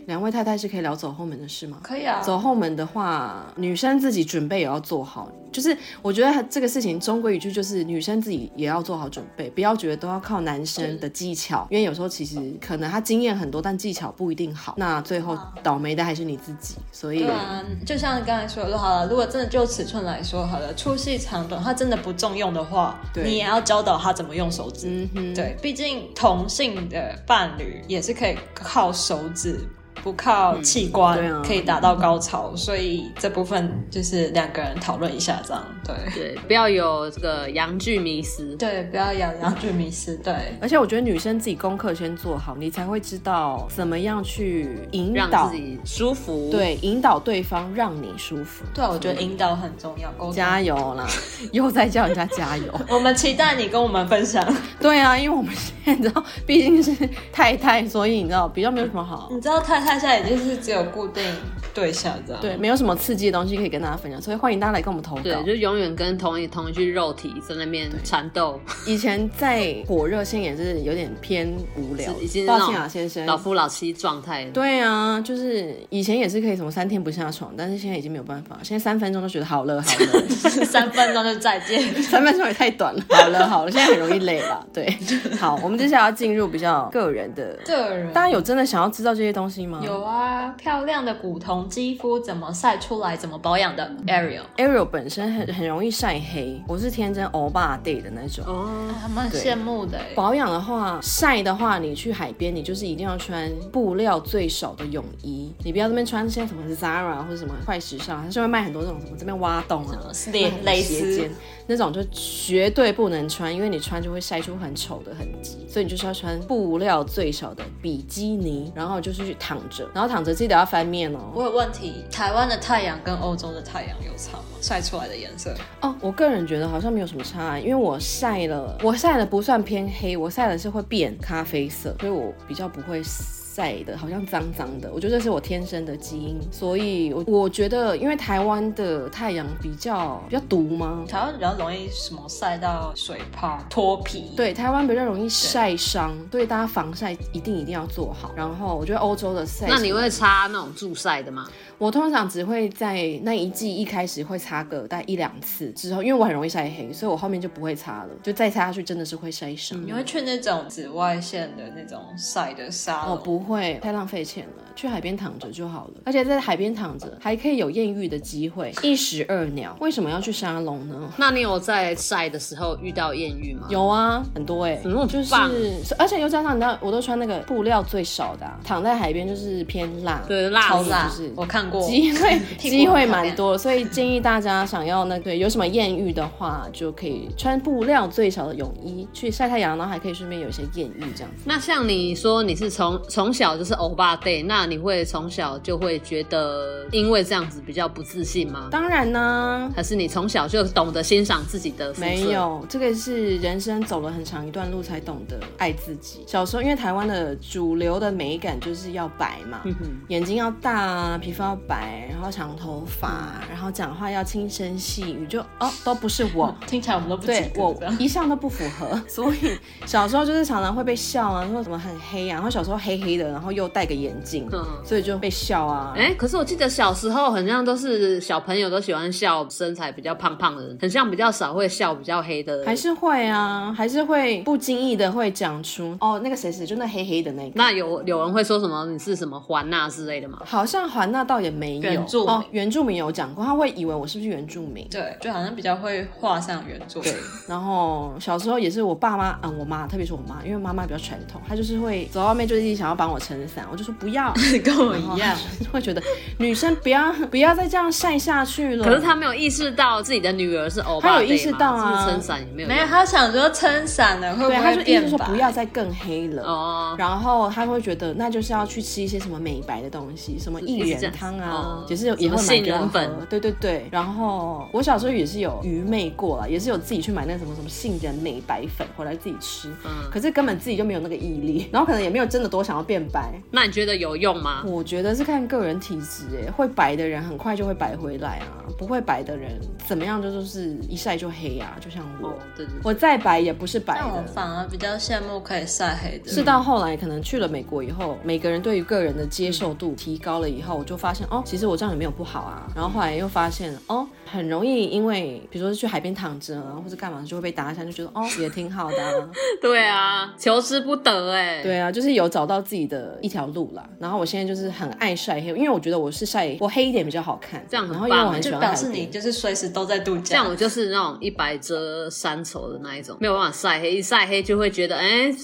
兩位太太是可以聊走後門的事嗎？可以啊。走後門的話，女生自己準備也要做好。就是我覺得這個事情終歸一句，就是女生自己也要做好準備，不要覺得都要靠男生的技巧。因為有時候其實可能他經驗很多，但技巧不一定好。那最後倒霉的還是你自己。所以，啊，就像剛才說的，好了，如果真的就尺寸來說，好了，粗細長短，他真的不中用的話，你也要教導他怎麼用手指。嗯哼。對，畢竟同性的伴侶也是可以靠手指。不靠器官可以達到高潮，嗯，對啊，所以這部分就是兩個人討論一下，這樣對。對，不要有這個陽具迷思。對，不要有陽具迷思。對，而且我覺得女生自己功課先做好，你才會知道怎麼樣去引導自己舒服。對，引導對方讓你舒服。對，我覺得引導很重要。OK，加油啦！又在叫人家加油。 <laughs> 我們期待你跟我們分享。對啊，因為我們現在你知道，畢竟是太太，所以你知道比較沒有什麼好。你知道太。現在已經是只有固定對象這樣，對，沒有什麼刺激的東西可以跟大家分享，所以歡迎大家來跟我們投稿。對，就永遠跟同一同一具肉體在那邊纏鬥。以前在火熱現在也是有點偏無聊，已經抱歉啊，先生，老夫老妻狀態、啊。對啊，就是以前也是可以什麼三天不下床，但是現在已經沒有辦法，現在三分鐘都覺得好了好了 <laughs> <laughs> 三分鐘就再見，三分鐘也太短了。 <laughs> 好了好了，現在很容易累吧？對，好，我們接下來要進入比較個人的個人，大家有真的想要知道這些東西嗎？有啊，漂亮的古銅肌膚怎麼曬出來，怎麼保養的？Ariel，Ariel 本身很很容易曬黑，我是天真歐巴 day 的那種哦，還蠻羨慕的。保養的話，曬的話，你去海邊，你就是一定要穿布料最少的泳衣，你不要在那邊穿那些什麼 Zara 或者什麼快時尚，它就會賣很多這種什麼這邊挖洞啊，蕾蕾絲那種，就絕對不能穿，因為你穿就會曬出很醜的痕跡，所以你就是要穿布料最少的比基尼，然後就是去躺。然後躺着記得要翻面哦。我有問題，台灣的太陽跟歐洲的太陽有差嗎？曬出來的顏色？哦，我個人覺得好像沒有什麼差啊，因為我曬了，我曬了不算偏黑，我曬了是會變咖啡色，所以我比較不會。曬的，好像髒髒的，我覺得這是我天生的基因，所以我我覺得，因為台灣的太陽比較比較毒嗎？台灣比較容易什麼曬到水泡、脫皮？對，台灣比較容易曬傷，對，所以大家防曬一定一定要做好。然後我覺得歐洲的曬，那你會擦那種助曬的嗎？我通常只會在那一季一開始會擦個，大概一兩次之後，因為我很容易曬黑，所以我後面就不會擦了。就再擦下去真的是會曬傷。你會去那種紫外線的那種曬的沙龍？我不會，太浪費錢了。去海邊躺着就好了，而且在海邊躺着還可以有豔遇的機會，一石二鳥。為什麼要去沙龍呢？那你有在曬的時候遇到豔遇嗎？有啊，很多哎、欸，很、就是。而且再加上你知道，我都穿那個布料最少的、啊，躺在海邊就是偏辣，對，辣，超辣、就是，我看過。機會機會蠻多， <laughs> 所以建議大家想要那個有什麼豔遇的話，就可以穿布料最少的泳衣去曬太陽，然後還可以順便有一些豔遇這樣子。那像你說你是從從小就是歐巴對，那你會從小就會覺得因為這樣子比較不自信嗎？嗯、當然呢，還是你從小就懂得欣賞自己的是不是？沒有，這個是人生走了很長一段路才懂得愛自己。小時候因為台灣的主流的美感就是要白嘛，嗯、眼睛要大啊，皮膚要。白，然後長頭髮，嗯、然後講話要輕聲細語，就哦，都不是我，聽起來我們都不是我一向都不符合， <laughs> 所以小時候就是常常會被笑啊，說什麼很黑啊，然後小時候黑黑的，然後又戴個眼鏡，嗯、所以就被笑啊。哎、欸，可是我記得小時候好像都是小朋友都喜歡笑，身材比較胖胖的人，很像比較少會笑，比較黑的，還是會啊，還是會不經意的會講出哦，那個誰誰就那黑黑的那個。那有有人會說什麼你是什麼環娜之類的嗎？好像環娜倒也。沒有哦，原住民有講過，他會以為我是不是原住民？對，就好像比較會畫上原住民。 <laughs> 對，然後小時候也是我爸媽，嗯，我媽，特別是我媽，因為媽媽比較傳統，她就是會走到外面就是一直想要幫我撐傘，我就說不要， <laughs> 跟我一樣，就會覺得女生不要不要再這樣曬下去了。可是她沒有意識到自己的女兒是歐巴，她有意識到啊？撐傘沒有，沒有，她想說撐傘了會不會變白說不要再更黑了哦，哦。然後她會覺得那就是要去吃一些什麼美白的東西，什麼薏仁湯。就是啊，也是也會買杏仁粉，對對對。然後我小時候也是有愚昧過了，也是有自己去買那什麼什麼杏仁美白粉回來自己吃，嗯，可是根本自己就沒有那個毅力，然後可能也沒有真的多想要變白。那你覺得有用嗎？我覺得是看個人體質，哎，會白的人很快就會白回來啊，不會白的人怎麼樣就就是一曬就黑呀、啊，就像我，哦、對，對對，我再白也不是白的。反而比較羨慕可以曬黑的。是到後來可能去了美國以後，每個人對於個人的接受度提高了以後，我、嗯、就發現。哦，其實我這樣也沒有不好啊。然後後來又發現，嗯、哦，很容易因為比如說去海邊躺着或者幹嘛，就會被打下，就覺得哦，也挺好的、啊。 <laughs> 對啊，求之不得哎。對啊，就是有找到自己的一條路啦。然後我現在就是很愛曬黑，因為我覺得我是曬我黑一點比較好看，這樣很棒。然後我很就表示你就是隨時都在度假。這樣我就是那種一白遮三醜的那一種，沒有辦法曬黑，一曬黑就會覺得哎。欸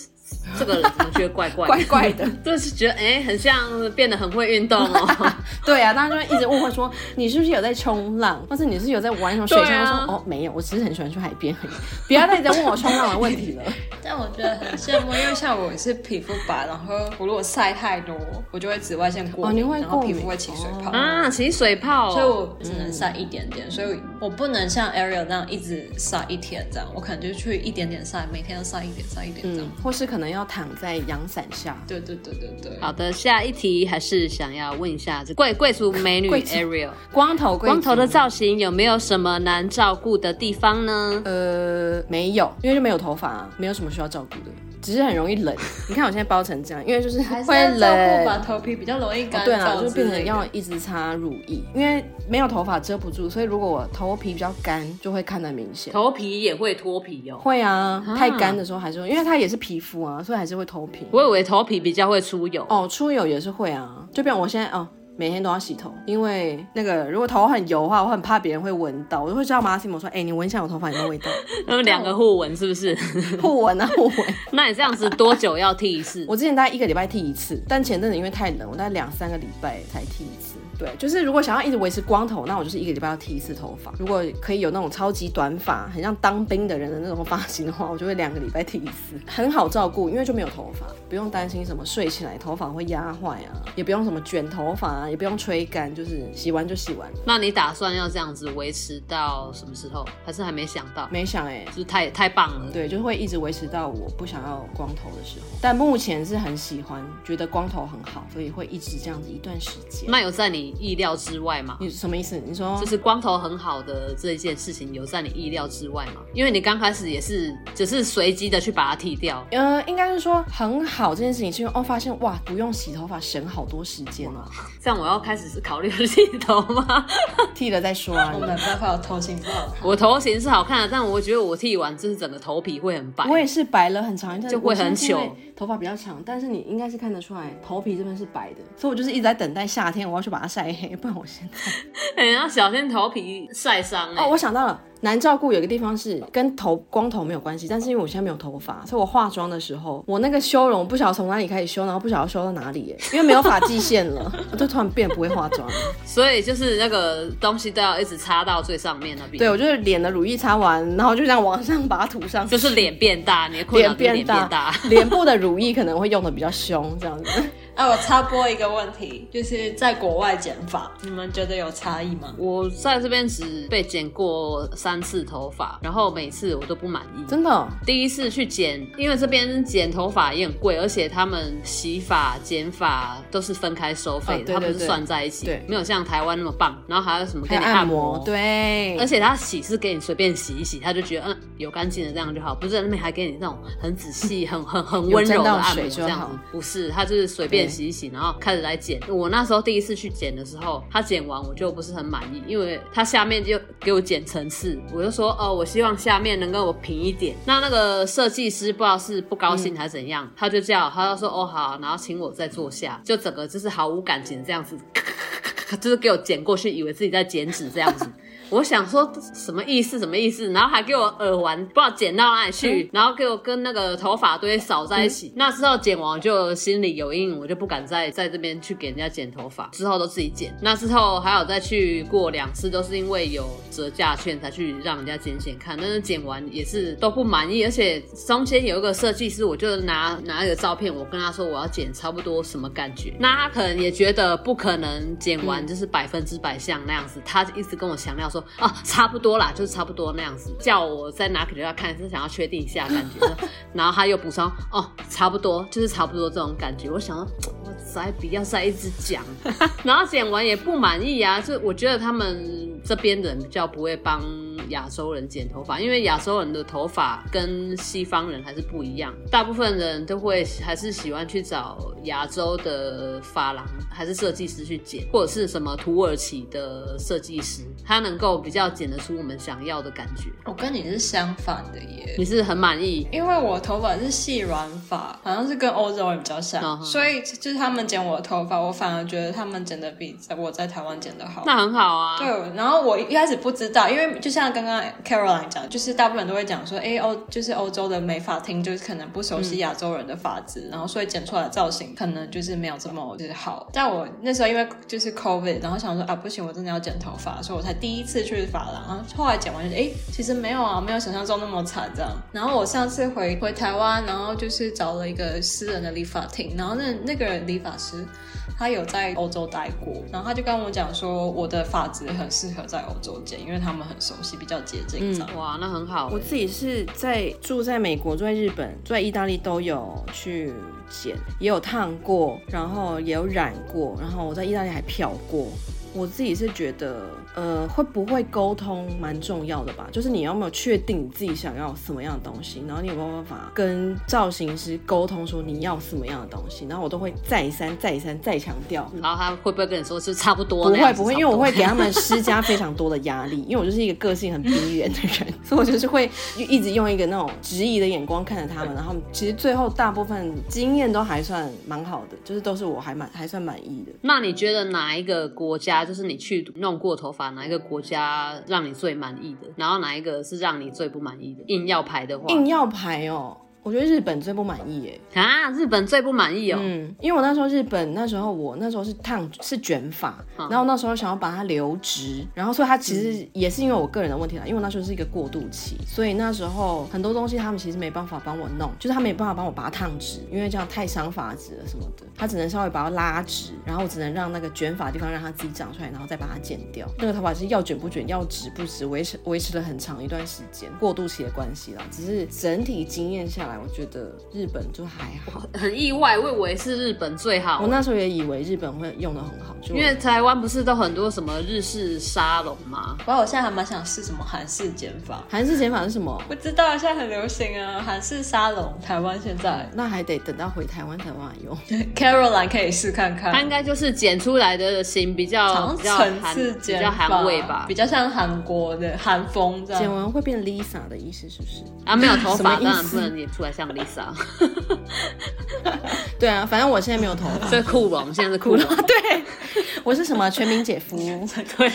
這個人覺得怪怪怪怪的，就是覺得哎、欸，很像變得很會運動哦。 <laughs> 對啊，大家就會一直誤會說你是不是有在衝浪，或是你是有在玩什麼水上？啊、我說哦，沒有，我只是很喜歡去海邊而已。 <laughs> 不要再再問我衝浪的問題了。 <laughs> 但我覺得很羨慕，因為像我是皮膚白，然後我如果曬太多，我就會紫外線過敏，哦、你會過敏然後皮膚會起水泡、哦、啊，起水泡、哦，所以我只能曬一點點，嗯、所以我不能像 Ariel 那樣一直曬一天這樣，我可能就去一點點曬，每天都曬一點，曬一點這樣，嗯、或是可。可能要躺在陽傘下。對，對對對對對。好的，下一題還是想要問一下這貴貴族美女 Ariel 光頭、光頭的造型有沒有什麼難照顧的地方呢？呃，沒有，因為就沒有頭髮啊，沒有什麼需要照顧的。只是很容易冷， <laughs> 你看我現在包成這樣，因為就是會冷，還是把頭皮比較容易乾。哦。對啊，就變得要一直擦乳液，因為沒有頭髮遮不住，所以如果我頭皮比較乾，就會看得明顯。頭皮也會脫皮喲。哦。會啊，啊太乾的時候還是會因為它也是皮膚啊，所以還是會脫皮。我以為頭皮比較會出油哦？出油也是會啊。就比如我現在啊。哦每天都要洗頭，因為那個如果頭很油的話，我很怕別人會聞到，我就會叫馬西姆說：“哎、欸，你聞一下我頭髮有沒有味道？”他們 <laughs> 兩個互聞是不是？ <laughs> 互聞啊，互聞。 <laughs> 那你這樣子多久要剃一次？ <laughs> 我之前大概一個禮拜剃一次，但前陣子因為太冷，我大概兩三個禮拜才剃一次。對，就是如果想要一直維持光頭，那我就是一個禮拜要剃一次頭髮。如果可以有那種超級短髮，很像當兵的人的那種髮型的話，我就會兩個禮拜剃一次，很好照顧，因為就沒有頭髮，不用擔心什麼睡起來頭髮會壓壞啊，也不用什麼捲頭髮啊，也不用吹乾，就是洗完就洗完。那你打算要這樣子維持到什麼時候？還是還沒想到？沒想哎、欸，就是太太棒了。對，就會一直維持到我不想要光頭的時候。但目前是很喜歡，覺得光頭很好，所以會一直這樣子一段時間。那有在你？你意料之外嗎？你什麼意思？你說就是光頭很好的這一件事情，有在你意料之外嗎？因為你剛開始也是只是隨機的去把它剃掉。呃，應該是說很好這件事情，是因為哦發現哇，不用洗頭髮，省好多時間了。這樣我要開始是考慮剃頭嗎？剃了再說啊。沒辦法，我頭型不好看 <laughs> 我頭型是好看的，但我覺得我剃完就是整個頭皮會很白。我也是白了很長一段時間，會，就會很糗。頭髮比較長，但是你應該是看得出來，頭皮這邊是白的，所以我就是一直在等待夏天，我要去把它曬黑，不然我現在 <laughs> 欸，哎，要小心頭皮曬傷、欸。哦，我想到了。難照顧有一個地方是跟頭光頭沒有關係，但是因為我現在沒有頭髮，所以我化妝的時候，我那個修容不曉得從哪裡開始修，然後不曉得修到哪裡耶，因為沒有髮際線了， <laughs> 就突然變不會化妝，所以就是那個東西都要一直擦到最上面那邊。對，我就是臉的乳液擦完，然後就這樣往上把它塗上去，就是臉變大，你的臉變大，臉部的乳液可能會用的比較凶這樣子。哎、啊，我插播一個問題，就是在國外剪髮， <laughs> 你們覺得有差異嗎？我在這邊只被剪過三次頭髮，然後每次我都不滿意。真的，哦，第一次去剪，因為這邊剪頭髮也很貴，而且他們洗髮、剪髮都是分開收費的，他、哦、不是算在一起，對，沒有像台灣那麼棒。然後還有什麼給你按摩？按摩，對，而且他洗是給你隨便洗一洗，他就覺得嗯有乾淨的這樣就好，不是那邊還給你那種很仔細、很很很溫柔的按摩這樣子。不是，他就是隨便。洗一洗，然後開始來剪。我那時候第一次去剪的時候，他剪完我就不是很滿意，因為他下面就給我剪層次，我就說哦，我希望下面能跟我平一點。那那個設計師不知道是不高興還是怎樣，嗯，他就叫我，他就說哦好，好，然後請我再坐下，就整個就是毫無感情這樣子， <laughs> 就是給我剪過去，以為自己在剪紙這樣子。 <laughs> 我想說，什麼意思？什麼意思？然後還給我耳環，不知道剪到哪裡去，然後給我跟那個頭髮堆掃在一起，嗯。那時候剪完我就心裡有陰影，我就不敢再在，在這邊去給人家剪頭髮，之後都自己剪。那時候還有再去過兩次，都是因為有折價券才去讓人家剪剪看，但是剪完也是都不滿意。而且中間有一個設計師，我就拿拿一個照片，我跟他說我要剪差不多什麼感覺，那他可能也覺得不可能剪完就是百分之百像那樣子，他一直跟我強調說。說、哦、啊，差不多啦，就是差不多那樣子，叫我再拿給他看，是想要確定一下感覺。然後他又補充，哦，差不多，就是差不多這種感覺。我想說，哇塞，比較再一直講，然後剪完也不滿意啊，就我覺得他們這邊人比較不會幫。亞洲人剪頭髮，因為亞洲人的頭髮跟西方人還是不一樣，大部分人都會還是喜歡去找亞洲的髮廊還是設計師去剪，或者是什麼土耳其的設計師，他能夠比較剪得出我們想要的感覺。我跟你是相反的耶，你是很滿意，因為我頭髮是細軟髮，好像是跟歐洲人比較像、哦，所以就是他們剪我的頭髮，我反而覺得他們剪得比我在台灣剪得好。那很好啊，對。然後我一開始不知道，因為就像。那剛剛 Caroline 講，就是大部分都會講說，哎、欸，歐就是歐洲的美髮廳，就是可能不熟悉亞洲人的髮質，嗯，然後所以剪出來的造型可能就是沒有這麼就是好。但我那時候因為就是 COVID，然後想說啊，不行，我真的要剪頭髮，所以我才第一次去髮廊。然後後來剪完就哎、欸，其實沒有啊，沒有想象中那麼慘這樣。然後我上次回回台灣，然後就是找了一個私人的理髮廳，然後那那個人理髮師他有在歐洲待過，然後他就跟我講說，我的髮質很適合在歐洲剪，因為他們很熟悉。比較節這一張、嗯、哇，那很好、欸。我自己是在住在美國、住在日本、住在意大利都有去剪，也有燙過，然後也有染過，然後我在意大利還漂過。我自己是覺得。呃，會不會溝通蠻重要的吧？就是你要沒有確定你自己想要什麼樣的東西，然後你有沒有辦法跟造型師溝通說你要什麼樣的東西？然後我都會再三再三再強調。然後他會不會跟你說是不是差不多？不會不會，因為我會給他們施加非常多的壓力， <laughs> 因為我就是一個個性很逼人的人， <laughs> 所以我就是會一直用一個那種質疑的眼光看着他們。然後其實最後大部分經驗都還算蠻好的，就是都是我還蠻還算滿意的。那你覺得哪一個國家就是你去弄過頭髮？哪一個國家讓你最滿意的？然後哪一個是讓你最不滿意的？硬要排的話，硬要排哦。我覺得日本最不滿意哎、欸、啊！日本最不滿意哦。嗯，因為我那時候日本那時候我那時候是燙是捲髮，然後那時候想要把它留直，然後所以它其實也是因為我個人的問題啦，因為我那時候是一個過渡期，所以那時候很多東西他們其實沒辦法幫我弄，就是他沒辦法幫我把它燙直，因為這樣太傷髮質了什麼的，他只能稍微把它拉直，然後我只能讓那個捲髮的地方讓它自己長出來，然後再把它剪掉。那個頭髮是要捲不捲，要直不直，維持維持了很長一段時間，過渡期的關係啦，只是整體經驗下來。我覺得日本就還好，很意外，我以為是日本最好。我那時候也以為日本會用得很好，因為台灣不是都很多什麼日式沙龍嗎？不過我現在還蠻想試什麼韓式剪法。韓式剪法是什麼？不知道，現在很流行啊，韓式沙龍。台灣現在那還得等到回台灣才用。 <laughs> Caroline 可以試看看，它應該就是剪出來的型比較長剪，層次比較韓味吧，比較像韓國的韓風這樣。剪完會變 Lisa 的意思是不是？啊，沒有頭髮亂絲。像 Lisa。 <laughs> 對啊，反正我現在沒有頭髮。這 <laughs> 酷吧？我們現在是酷了。 <laughs> 對，我是什麼全民姐夫？ <laughs> 對，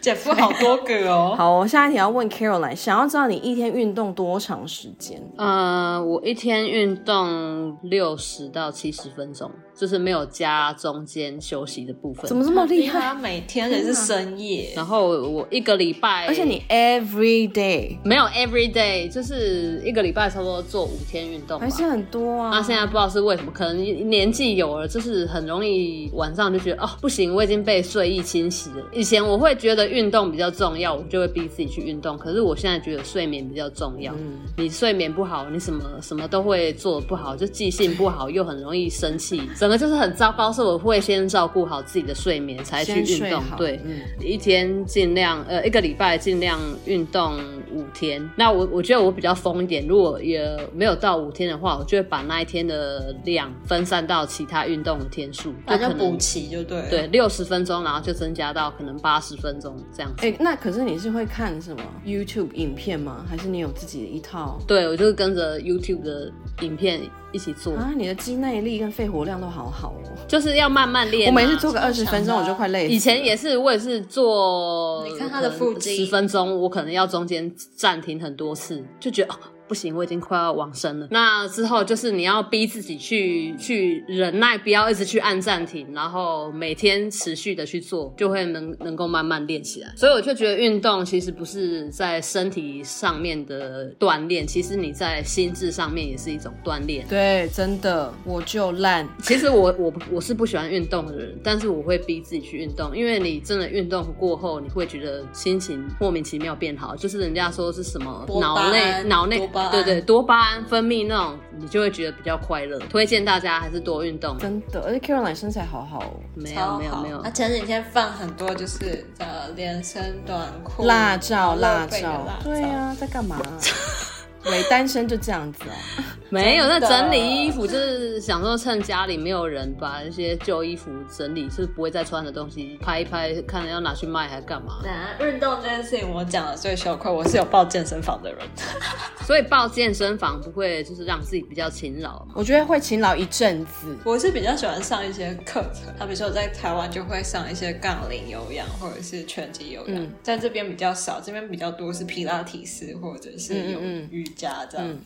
姐夫好多個哦。 <laughs> 好，我下一題要問 Caroline，想要知道你一天運動多長時間？呃，我一天運動六十到七十分鐘。就是沒有加中間休息的部分的，怎麼這麼厲害、啊？每天也、啊、是深夜，然後我一個禮拜，而且你 every day 沒有 every day，就是一個禮拜差不多做五天運動，還是很多啊。那現在不知道是為什麼，可能年紀有了，就是很容易晚上就覺得哦不行，我已經被睡意侵襲了。以前我會覺得運動比較重要，我就會逼自己去運動，可是我現在覺得睡眠比較重要。嗯、你睡眠不好，你什麼什麼都會做不好，就記性不好， <laughs> 又很容易生氣。嗯、整個就是很糟糕，是我會先照顧好自己的睡眠，才去運動。對，嗯、一天盡量呃，一個禮拜盡量運動。五天，那我我覺得我比較瘋一點。如果也沒有到五天的話，我就會把那一天的量分散到其他運動的天數，大家補齊，就，就，就對。對，六十分鐘，然後就增加到可能八十分鐘這樣子。哎、欸，那可是你是會看什麼 YouTube 影片嗎？還是你有自己的一套？對，我就是跟着 YouTube 的影片一起做啊。你的肌耐力跟肺活量都好好哦，就是要慢慢練。我每次做個二十分鐘我就快累了。以前也是，我也是做，你看他的腹肌。十分鐘，我可能要中間暫停很多次，就覺得。不行，我已經快要往生了。那之後就是你要逼自己去去忍耐，不要一直去按暫停，然後每天持續的去做，就會能能夠慢慢練起來。所以我就覺得運動其實不是在身體上面的鍛鍊，其實你在心智上面也是一種鍛鍊。對，真的，我就爛。其實我我我是不喜歡運動的人，但是我會逼自己去運動，因為你真的運動過後，你會覺得心情莫名其妙變好，就是人家說是什麼，腦內腦內。對對，多巴胺分泌那種，你就會覺得比較快樂。推薦大家還是多運動，真的。而且 Caroline 身材好好哦，沒有沒有沒有，他前幾天放很多就是叫連身短褲，辣照辣照，對呀，啊，在幹嘛啊？ <laughs> 沒單身就這樣子啊， <laughs> 沒有，那整理衣服，就是想說趁家裡沒有人，把一些舊衣服整理，是不會再穿的東西，拍一拍，看要拿去賣還是幹嘛。啊、運動這件事情我講的，所以最羞愧我是有報健身房的人， <laughs> 所以報健身房不會就是讓自己比較勤勞， <laughs> 我覺得會勤勞一陣子。我是比較喜歡上一些課程，他、啊、比如說我在台灣就會上一些槓鈴有氧或者是拳擊有氧，嗯、在這邊比較少，這邊比較多是皮拉提斯或者是有瑜。嗯嗯家這樣、嗯、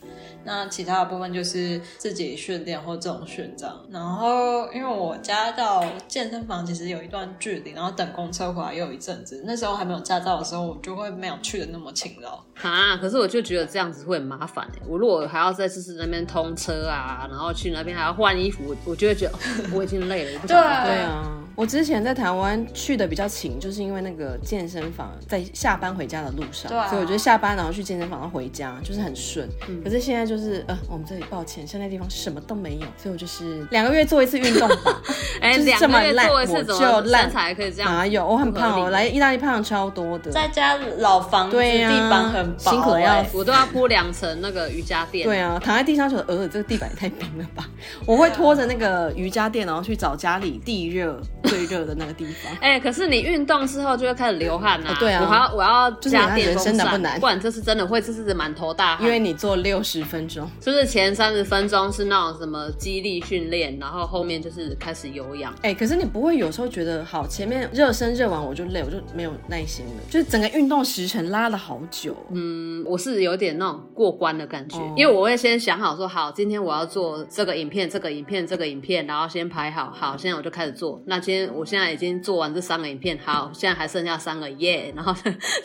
那其他的部分就是自己訓練或這種訓練。然後，因為我家到健身房其實有一段距離，然後等公車回來又有一陣子。那時候還沒有駕照的時候，我就會沒有去的那麼勤勞。哈、啊、可是我就覺得這樣子會很麻煩、欸、我如果還要再試試那邊通車啊，然後去那邊還要換衣服，我就會覺得我已經累了。 <laughs> 對，對啊。我之前在台灣去的比較勤，就是因為那個健身房在下班回家的路上，對啊、所以我覺得下班然後去健身房然後回家就是很順、嗯。可是現在就是，呃，我們這裡抱歉，現在地方什麼都沒有，所以我就是兩個月做一次運動吧。哎、 <laughs> 欸，兩、就是、個月做一次怎麼身材可以這樣？哪有？我很胖，哦，來意大利胖超多的。在家老房子對、啊、地板很薄，辛苦欸、我都要鋪兩層那個瑜伽墊。對啊， <laughs> 對、啊 <laughs> 對啊，躺在地上就呃，這個地板也太冰了吧！ <laughs> 我會拖着那個瑜伽墊，然後去找家裡地熱。 <laughs> 最熱的那個地方，哎、欸，可是你運動之後就會開始流汗吶、啊哦。對啊，我還要我要加就是熱身的，不難？不管這次真的會，這是滿頭大汗。因為你做六十分鐘，就是前三十分鐘是那種什麼肌力訓練，然後後面就是開始有氧。哎、欸，可是你不會有時候覺得好，前面熱身熱完我就累，我就沒有耐心了，就是整個運動時程拉了好久。嗯，我是有點那種過關的感覺，哦、因為我會先想好說好，今天我要做這個影片，這個影片，這個影片，然後先排好，好，現在我就開始做。那今天我現在已經做完這三個影片，好，現在還剩下三個耶。然後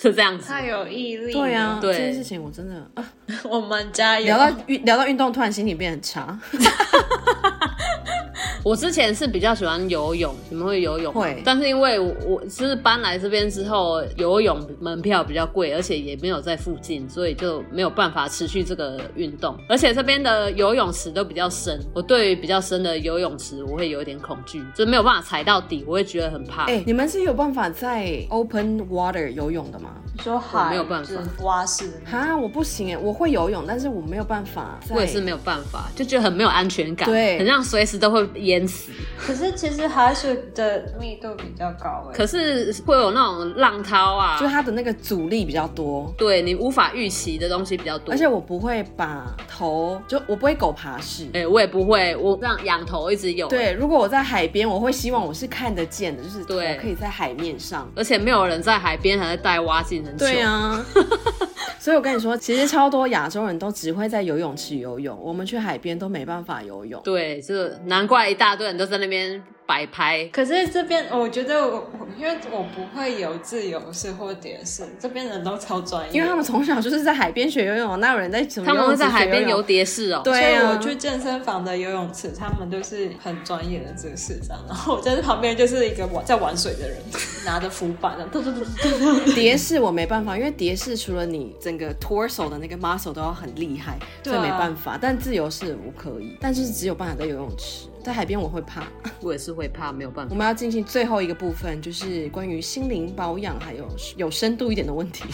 是這樣子，太有毅力。對呀。對、啊，這件事情我真的、啊，我們加油。聊到運，聊到運動，突然心情變很差。 <laughs> <laughs> 我之前是比較喜歡游泳，你們會游泳？會，但是因為我，我是搬來這邊之後，游泳門票比較貴，而且也沒有在附近，所以就沒有辦法持續這個運動。而且這邊的游泳池都比較深，我對於比較深的游泳池我會有一點恐懼，就是沒有辦法踩到。我也覺得很怕。哎、欸，你們是有辦法在 open water 游泳的嗎？說沒有辦法，就是，哈，我不行哎，我會游泳，但是我沒有辦法。我也是沒有辦法，就覺得很沒有安全感，對，很像隨時都會淹死。可是其實海水的密度比較高。欸，哎，可是會有那種浪濤啊，就它的那個阻力比較多，對你無法預期的東西比較多。而且我不會把頭，就我不會狗爬式，哎，欸，我也不會，我這樣仰頭一直游。欸，對，如果我在海邊，我會希望我是看得見的，就是對，我可以在海面上，而且沒有人在海邊還在帶蛙鏡人球。對啊。 <laughs> 所以我跟你說，其實超多亞洲人都只會在游泳池游泳，我們去海邊都沒辦法游泳。對，就是難怪一大堆人都在那邊。擺拍，可是這邊我覺得我，因為我不會游自由式或蝶式，這邊人都超專業，因為他們從小就是在海邊學游泳，那有人在他們會在海邊游蝶式哦，對啊。所以我去健身房的游泳池，他們都是很專業的姿勢，這樣，然後我在旁邊就是一個玩在玩水的人，拿着浮板，嘟嘟嘟嘟嘟。蝶式我沒辦法，因為蝶式除了你整個 torso 的那個 muscle 都要很厲害，所以沒辦法。啊、但自由式我可以，但就是只有辦法在游泳池。在海邊我會怕，我也是會怕，沒有辦法。 <laughs> 我們要進行最後一個部分，就是關於心靈保養，還有有深度一點的問題。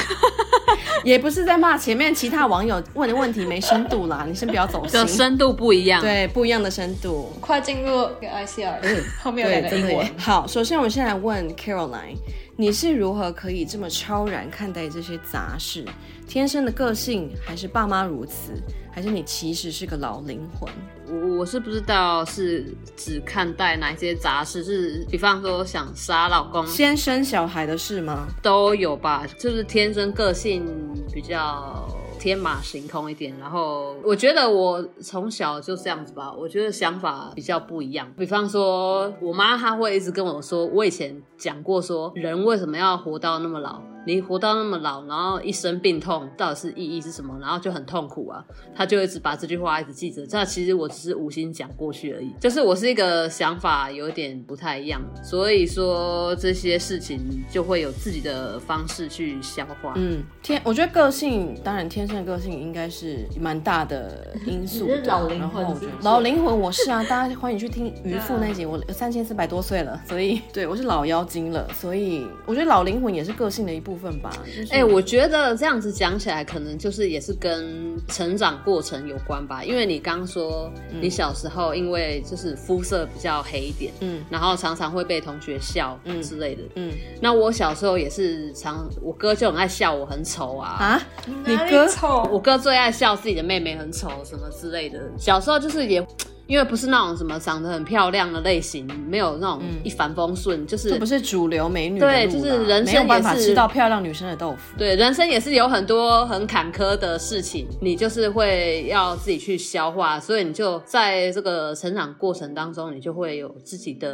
<laughs> 也不是在罵前面其他網友問的問題沒深度啦，你先不要走心。就深度不一樣，對，不一樣的深度。快進入 ICR，嗯、欸，後面來個英文。好，首先我們先來問 Caroline，你是如何可以這麼超然看待這些雜事？天生的個性，還是爸媽如此，還是你其實是個老靈魂？我我是不知道，是只看待哪一些雜事？是比方說想殺老公、先生小孩的事嗎？都有吧，就是天生個性比較天馬行空一點。然後我覺得我從小就這樣子吧，我覺得想法比較不一樣。比方說，我媽她會一直跟我說，我以前講過，說人為什麼要活到那麼老？你活到那麼老，然後一生病痛，到底是意義是什麼？然後就很痛苦啊。他就一直把這句話一直記着。這其實我只是無心講過去而已，就是我是一個想法有點不太一樣，所以說這些事情就會有自己的方式去消化。嗯，天，我覺得個性，當然天生的個性應該是蠻大的因素的。 <laughs> 然後我覺得老靈魂，我是啊， <laughs> 大家歡迎去聽漁父那集、啊。我三千四百多歲了，所以，對，我是老妖精了。所以我覺得老靈魂也是個性的一部分。部分吧，哎、就是欸，我覺得這樣子講起來，可能就是也是跟成長過程有關吧。因為你剛說你小時候因為就是膚色比較黑一點，嗯，然後常常會被同學笑，嗯、之類的嗯，嗯。那我小時候也是常，我哥就很愛笑我很醜啊啊！你哥醜？我哥最愛笑自己的妹妹很醜什麼之類的。小時候就是也。因為不是那種什麼長得很漂亮的類型，沒有那種一帆風順，嗯，就是這不是主流美女的，啊、對，就是人生也是沒有辦法吃到漂亮女生的豆腐，對，人生也是有很多很坎坷的事情，你就是會要自己去消化，所以你就在這個成長過程當中，你就會有自己的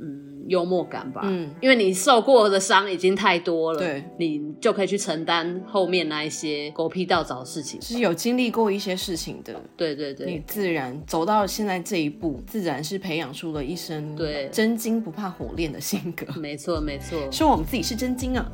嗯幽默感吧，嗯，因為你受過的傷已經太多了，對，你就可以去承擔後面那一些狗屁倒灶的事情，是有經歷過一些事情的，對對對，你自然走到現現在這一步，自然是培養出了一身對真金不怕火煉的性格。沒錯，沒錯，說我們自己是真金啊，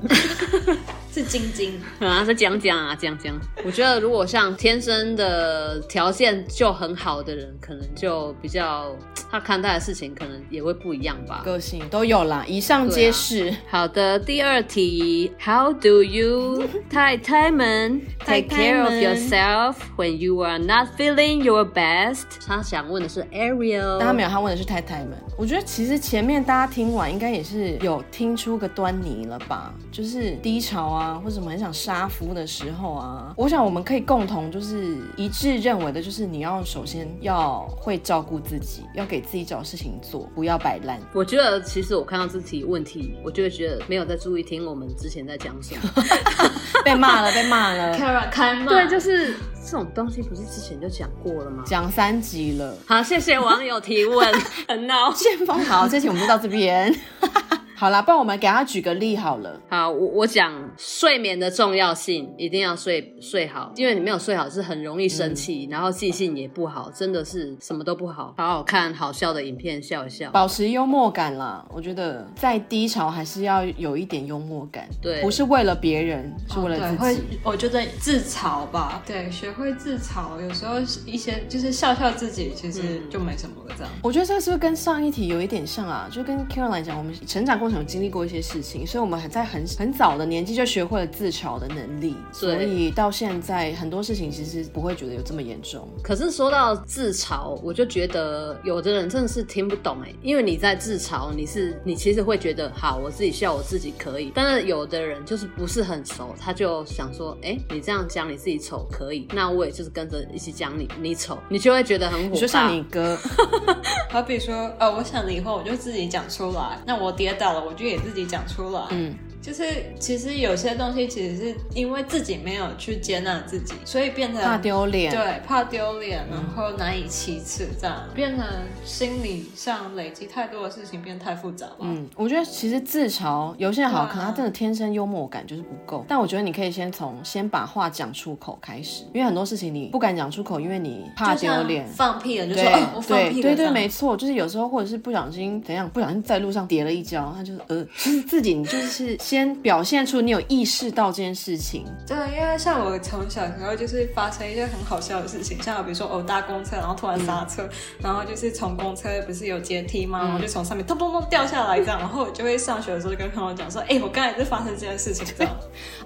<laughs> 是金金， <laughs> <laughs> 啊，再講講啊，講講。 <laughs> 我覺得，如果像天生的條件就很好的人，可能就比較他看待的事情，可能也會不一樣吧。個性都有啦，以上皆是，啊。好的，第二題。 <laughs> How do you，太太們 <laughs> ，take care of yourself when you are not feeling your best，太太他想問。是 Ariel 但他沒有，他問的是太太們。我覺得其實前面大家聽完，應該也是有聽出個端倪了吧？就是低潮啊，或者什麼很想殺夫的時候啊。我想我們可以共同就是一致認為的，就是你要首先要會照顧自己，要給自己找事情做，不要擺爛。我覺得其實我看到自己問題，我就會覺得沒有在注意聽我們之前在講什麼。 <laughs> <laughs> <laughs> 被罵了，被罵了。Kara 開罵。對，就是。這種東西不是之前就講過了嗎？講三集了。好，謝謝網友提問。 <laughs> 很鬧，先鋒，好，這期我們就到這邊。哈 <laughs> 哈好啦幫我們給他舉個例好了。好，我我講睡眠的重要性，一定要睡睡好，因為你沒有睡好是很容易生氣、嗯，然後記性也不好、嗯，真的是什麼都不好。好好看好笑的影片，笑一笑，保持幽默感啦。我覺得在低潮還是要有一點幽默感，對，不是為了別人，是為了自己。哦、會我覺得自嘲吧，對，學會自嘲，有時候是一些就是笑笑自己，其實就沒什麼了。這樣、嗯，我覺得這個是不是跟上一題有一點像啊？就跟 Caroline 來講，我們成長過。有經歷過一些事情，所以我們還在很很早的年紀就學會了自嘲的能力，所以到現在很多事情其實不會覺得有這麼嚴重。可是說到自嘲，我就覺得有的人真的是聽不懂哎、欸，因為你在自嘲，你是你其實會覺得好，我自己笑我自己可以，但是有的人就是不是很熟，他就想說，哎、欸，你這樣講你自己醜可以，那我也就是跟着一起講你，你醜，你就會覺得很火。就像你哥，好 <laughs> <laughs> 比說，呃、哦，我想了以後，我就自己講出來，那我跌倒了。我就也自己講出了，嗯。就是其實有些東西，其實是因為自己沒有去接納自己，所以變成怕丟臉，對，怕丟臉，然後難以啟齒，這樣變成心理上累積太多的事情，變太複雜了。嗯，我覺得其實自嘲有些人好看，啊、他真的天生幽默感就是不夠。但我覺得你可以先從先把話講出口開始，因為很多事情你不敢講出口，因為你怕丟臉。放屁了就說、呃，我放屁。對對對，沒錯，就是有時候或者是不小心怎樣，不小心在路上跌了一跤，他就是呃，就是自己你就是。 <laughs> 先表現出你有意識到這件事情，對，因為像我從小時候就是發生一些很好笑的事情，像比如說我搭、哦、公車，然後突然剎車、嗯，然後就是從公車不是有階梯嗎？我就從上面咚咚咚掉下來，這樣，然後我就會上學的時候跟朋友講說，哎、 <laughs> 欸，我剛才就發生這件事情，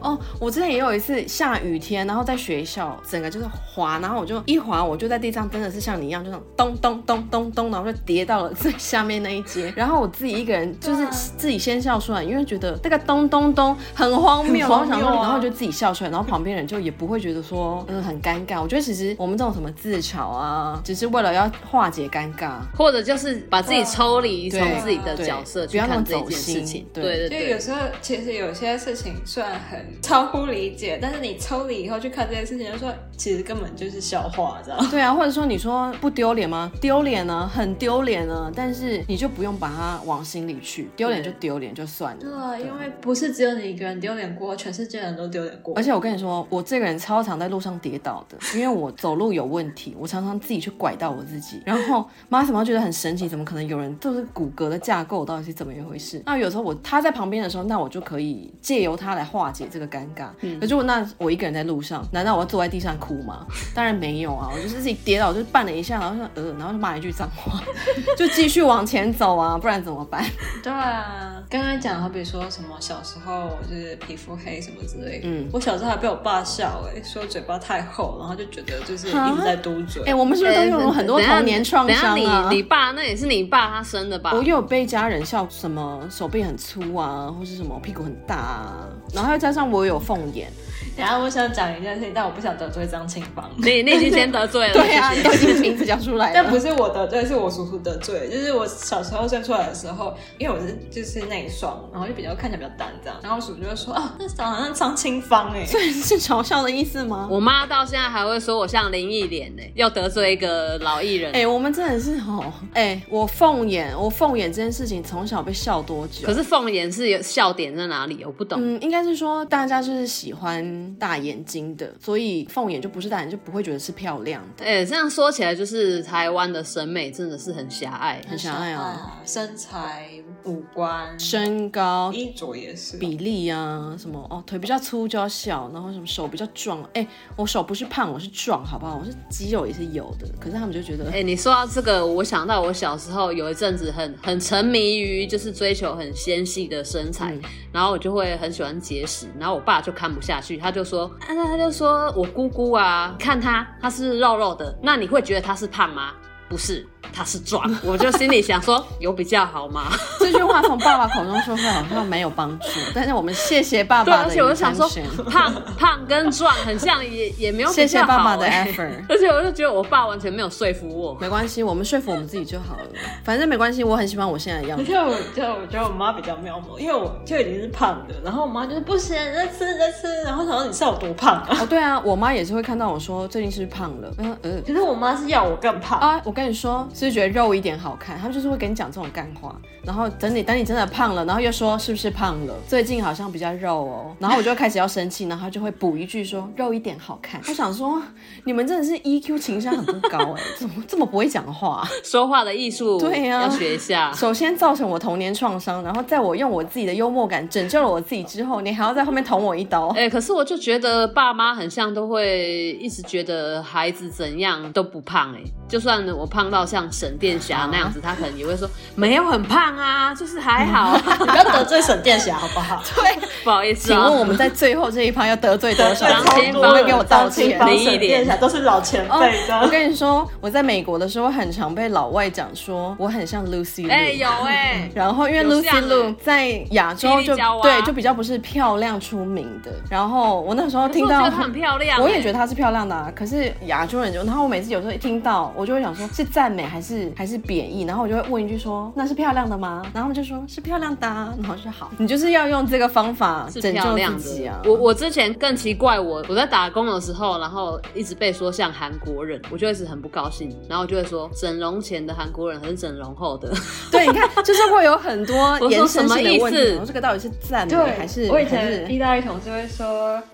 哦，oh, 我之前也有一次下雨天，然後在學校整個就是滑，然後我就一滑，我就在地上真的是像你一樣，就是咚咚，咚咚咚咚咚，然後就跌到了最下面那一階。然後我自己一個人就是自己先笑出來，因為覺得那個咚。咚咚咚，很荒謬。然後想說然後就自己笑出來，然後旁邊人就也不會覺得說，嗯，很尷尬。我覺得其實我們這種什麼自嘲啊，只是為了要化解尷尬，或者就是把自己抽離從、啊、自己的角色去看自己的事情。對，對,對,對,對,對,對就有時候其實有些事情雖然很超乎理解，但是你抽離以後去看這件事情就，就說其實根本就是笑話，這樣。對啊，或者說你說不丟臉嗎？丟臉呢，很丟臉呢，但是你就不用把它往心裡去，丟臉就丟臉就算了對。對，因為。不是只有你一個人丟臉過，全世界人都丟臉過。而且我跟你說，我這個人超常在路上跌倒的，因為我走路有問題，我常常自己去拐到我自己。然後媽什麼都覺得很神奇，怎麼可能有人就是骨骼的架構到底是怎麼一回事？那有時候我他在旁邊的時候，那我就可以借由他來化解這個尷尬。嗯。可是我那我一個人在路上，難道我要坐在地上哭嗎？當然沒有啊，我就是自己跌倒，就是絆了一下，然後說呃，然後罵一句髒話， <laughs> 就繼續往前走啊，不然怎麼辦？對啊， <laughs> 剛剛講好比說什麼小。小時候就是皮膚黑什麼之類的。嗯，我小時候還被我爸笑哎、欸，說嘴巴太厚，然後就覺得就是一直在嘟嘴。哎、欸，我們是不是都有很多童年創傷啊？你你爸那也是你爸他生的吧？我有被家人笑什麼手臂很粗啊，或是什麼屁股很大啊，然後又加上我有鳳眼。然、啊、後我想講一件事情，但我不想得罪張清芳，你那句先得罪了。 <laughs> 對啊，你都已經名字叫出來了。但不是我得罪，是我叔叔得罪。就是我小時候生出來的時候，因為我是就是內雙，然後就比較看起來比較大。然後叔就會說啊，那長得像張清芳哎，所以是嘲笑的意思嗎？ <laughs> 我媽到現在還會說我像林憶蓮呢，又得罪一個老藝人哎、欸，我們真的是哦哎、喔欸，我鳳眼，我鳳眼這件事情從小被笑多久？可是鳳眼是有笑點在哪裡？我不懂，嗯，應該是說大家就是喜歡大眼睛的，所以鳳眼就不是大眼睛，就不會覺得是漂亮的。哎、欸，這樣說起來，就是台灣的審美真的是很狹隘，很狹隘哦、啊。身材。五官、身高、衣着也是、哦、比例啊，什麼哦，腿比較粗，腳小，然後什麼手比較壯。哎、欸，我手不是胖，我是壯，好不好？我是肌肉也是有的。可是他們就覺得，哎、欸，你說到這個，我想到我小時候有一陣子很很沉迷於就是追求很纖細的身材、嗯，然後我就會很喜歡節食。然後我爸就看不下去，他就說，啊，那他就說我姑姑啊，你看她，她是肉肉的，那你會覺得她是胖嗎？不是，他是壯， <laughs> 我就心裡想說，有比較好嗎？ <laughs> 這句話從爸爸口中說出來好像沒有幫助，但是我們謝謝爸爸的。對，而且我就想說，胖胖跟壯很像也，也也沒有、欸。謝謝爸爸的 effort。而且我就覺得我爸完全沒有說服我。 <laughs> 沒關係，我們說服我們自己就好了。反正沒關係，我很喜歡我現在的樣子。就就我覺得我媽比較妙謀，因為我就已經是胖的，然後我媽就是不行你再吃再吃，然後想說你是有多胖？啊、哦，對啊，我媽也是會看到我說最近是胖了，嗯、呃、嗯。其實我媽是要我更胖啊，啊，我跟。你說是不是覺得肉一點好看？他們就是會跟你講這種幹話，然後等你等你真的胖了，然後又說是不是胖了？最近好像比較肉哦、喔，然後我就開始要生氣，然後就會補一句說肉一點好看。我想說你們真的是 EQ 情商很不高哎、欸，怎麼這麼不會講話、啊？說話的藝術對呀、啊，要學一下。首先造成我童年創傷，然後在我用我自己的幽默感拯救了我自己之後，你還要在後面捅我一刀。哎、欸，可是我就覺得爸媽很像，都會一直覺得孩子怎樣都不胖哎、欸，就算我。胖到像沈殿霞那樣子，oh. 他可能也會說沒有很胖啊，就是還好， <laughs> 不要得罪沈殿霞好不好？對，不好意思、啊。請問我們在最後這一趴要得罪多少？然後不會給我道歉，沈殿霞都是老前輩。我跟你說，我在美國的時候很常被老外講說我很像 Lucy Lu.。哎、欸，有哎、欸嗯嗯。然後因為 Lucy Lu 在亞洲就,就對，就比較不是漂亮出名的。然後我那時候聽到，我,覺得很漂亮欸、我也覺得她是漂亮的啊。可是亞洲人就，然後我每次有時候一聽到，我就會想說。是讚美還是還是貶義？然後我就會問一句說那是漂亮的嗎？然後他們就說是漂亮的、啊，然後就好，你就是要用這個方法是亮拯救自己啊！我我之前更奇怪，我我在打工的時候，然後一直被說像韓國人，我就一直很不高興，然後我就會說整容前的韓國人還是整容後的？對，你看就是會有很多延伸性的問題，我說什麼意思？這個到底是讚美還,還是？我以前意大利同事會說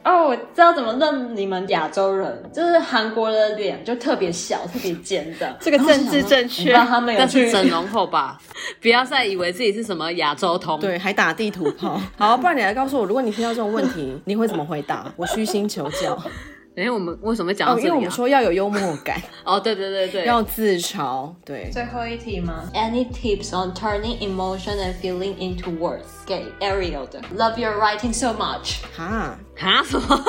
哦，我知道怎麼認你們亞洲人，就是韓國的臉就特別小，嗯、特別尖的。 <laughs> 這個政治正確，是欸、他們有但是整容後吧，不要再以為自己是什麼亞洲通，對，還打地圖炮。好，不然你來告訴我，如果你聽到這種問題，你會怎麼回答？我虛心求教。哎、欸，我們為什麼講到這裡、啊哦？因為我們說要有幽默感。哦，對對對對，要自嘲。對，最後一題嗎？Any tips on turning emotion and feeling into words? 給 Ariel 的 Love your writing so much 哈哈，什麼？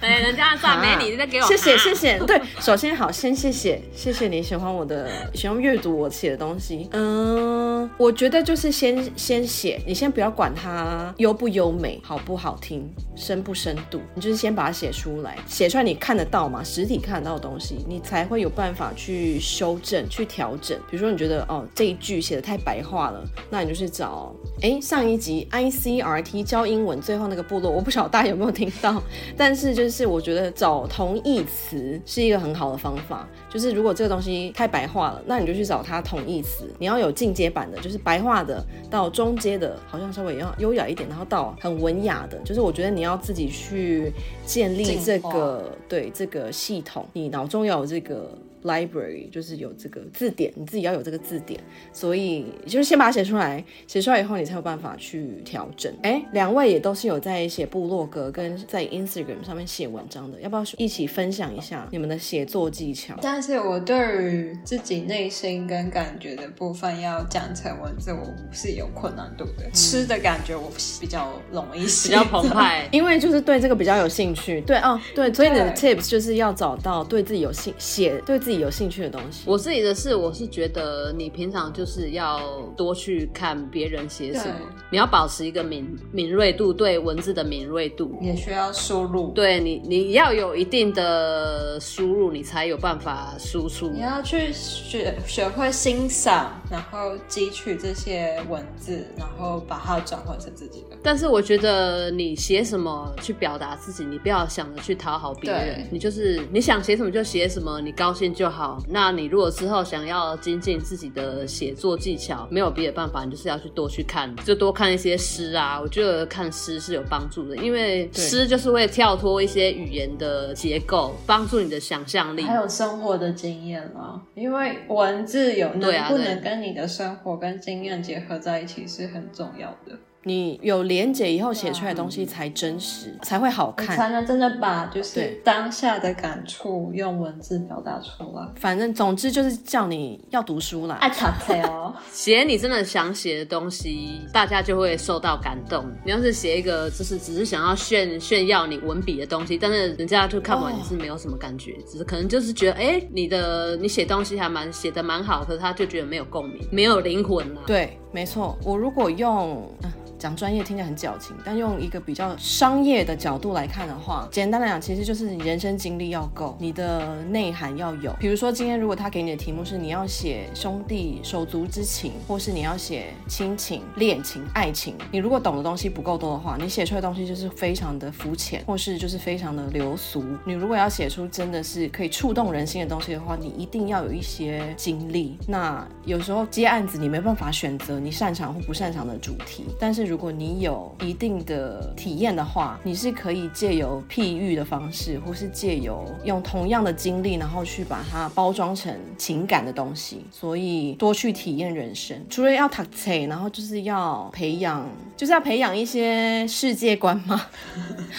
哎， <laughs> 人家讚美你，你再給我謝謝謝謝。對， <laughs> 首先好先謝謝，謝謝你喜歡我的喜歡閱讀我寫的東西。嗯，我覺得就是先先寫，你先不要管它優不優美，好不好聽，深不深度，你就是先把它寫出來，寫出來你看得到嘛？實體看得到的東西，你才會有辦法去修正、去調整。比如說你覺得哦，這一句寫得太白話了，那你就去找。哎、欸，上一集 ICRT 教英文，最後那個部落，我不曉得大家有沒有聽到。但是就是，我覺得找同義詞是一個很好的方法。就是如果這個東西太白話了，那你就去找它同義詞。你要有進階版的，就是白話的到中階的，好像稍微要優雅一點，然後到很文雅的。就是我覺得你要自己去建立這個對這個系統，你腦中有這個。library 就是有這個字典，你自己要有這個字典，所以就是先把它寫出來，寫出來以後你才有辦法去調整。哎、欸，兩位也都是有在一些部落格跟在 Instagram 上面寫文章的，要不要一起分享一下你們的寫作技巧？但是，我對於自己內心跟感覺的部分要講成文字，我是有困難度的、嗯。吃的感覺我比較容易寫，比較澎湃， <laughs> 因為就是對這個比較有興趣。對啊、哦，對，所以你的 tips 就是要找到對自己有興寫對自己。有興趣的東西，我自己的事，我是覺得你平常就是要多去看別人寫什麼，你要保持一個敏敏銳度，對文字的敏銳度也需要輸入，對你，你要有一定的輸入，你才有辦法輸出。你要去學學會欣賞。然後汲取這些文字，然後把它轉換成自己的。但是我覺得你寫什麼去表達自己，你不要想着去討好別人，你就是你想寫什麼就寫什麼，你高興就好。那你如果之後想要精進自己的寫作技巧，沒有別的辦法，你就是要去多去看，就多看一些詩啊。我覺得看詩是有幫助的，因為詩就是會跳脫一些語言的結構，幫助你的想象力，還有生活的經驗啊，因為文字有，對啊，不能跟你。你的生活跟經驗結合在一起是很重要的。你有連結以後寫出來的東西才真實，啊、才會好看，才能真的把就是當下的感觸用文字表達出來。反正總之就是叫你要讀書啦。愛咖啡哦，寫你真的想寫的東西，大家就會受到感動。你要是寫一個就是只是想要炫炫耀你文筆的東西，但是人家就看完你是沒有什麼感覺，哦、只是可能就是覺得哎、欸，你的你寫東西還蠻寫的蠻好，可是他就覺得沒有共鳴，沒有靈魂啊。對。沒錯，我如果用、啊、講專業，聽起來很矯情，但用一個比較商業的角度來看的話，簡單來講，其實就是你人生經歷要夠，你的內涵要有。比如說，今天如果他給你的題目是你要寫兄弟手足之情，或是你要寫親情、戀情、愛情，你如果懂的東西不夠多的話，你寫出來的東西就是非常的膚淺，或是就是非常的流俗。你如果要寫出真的是可以觸動人心的東西的話，你一定要有一些經歷。那有時候接案子你沒辦法選擇。你擅長或不擅長的主題，但是如果你有一定的體驗的話，你是可以借由譬喻的方式，或是借由用同樣的經歷，然後去把它包裝成情感的東西。所以多去體驗人生，除了要讀冊，然後就是要培養，就是要培養一些世界觀嘛。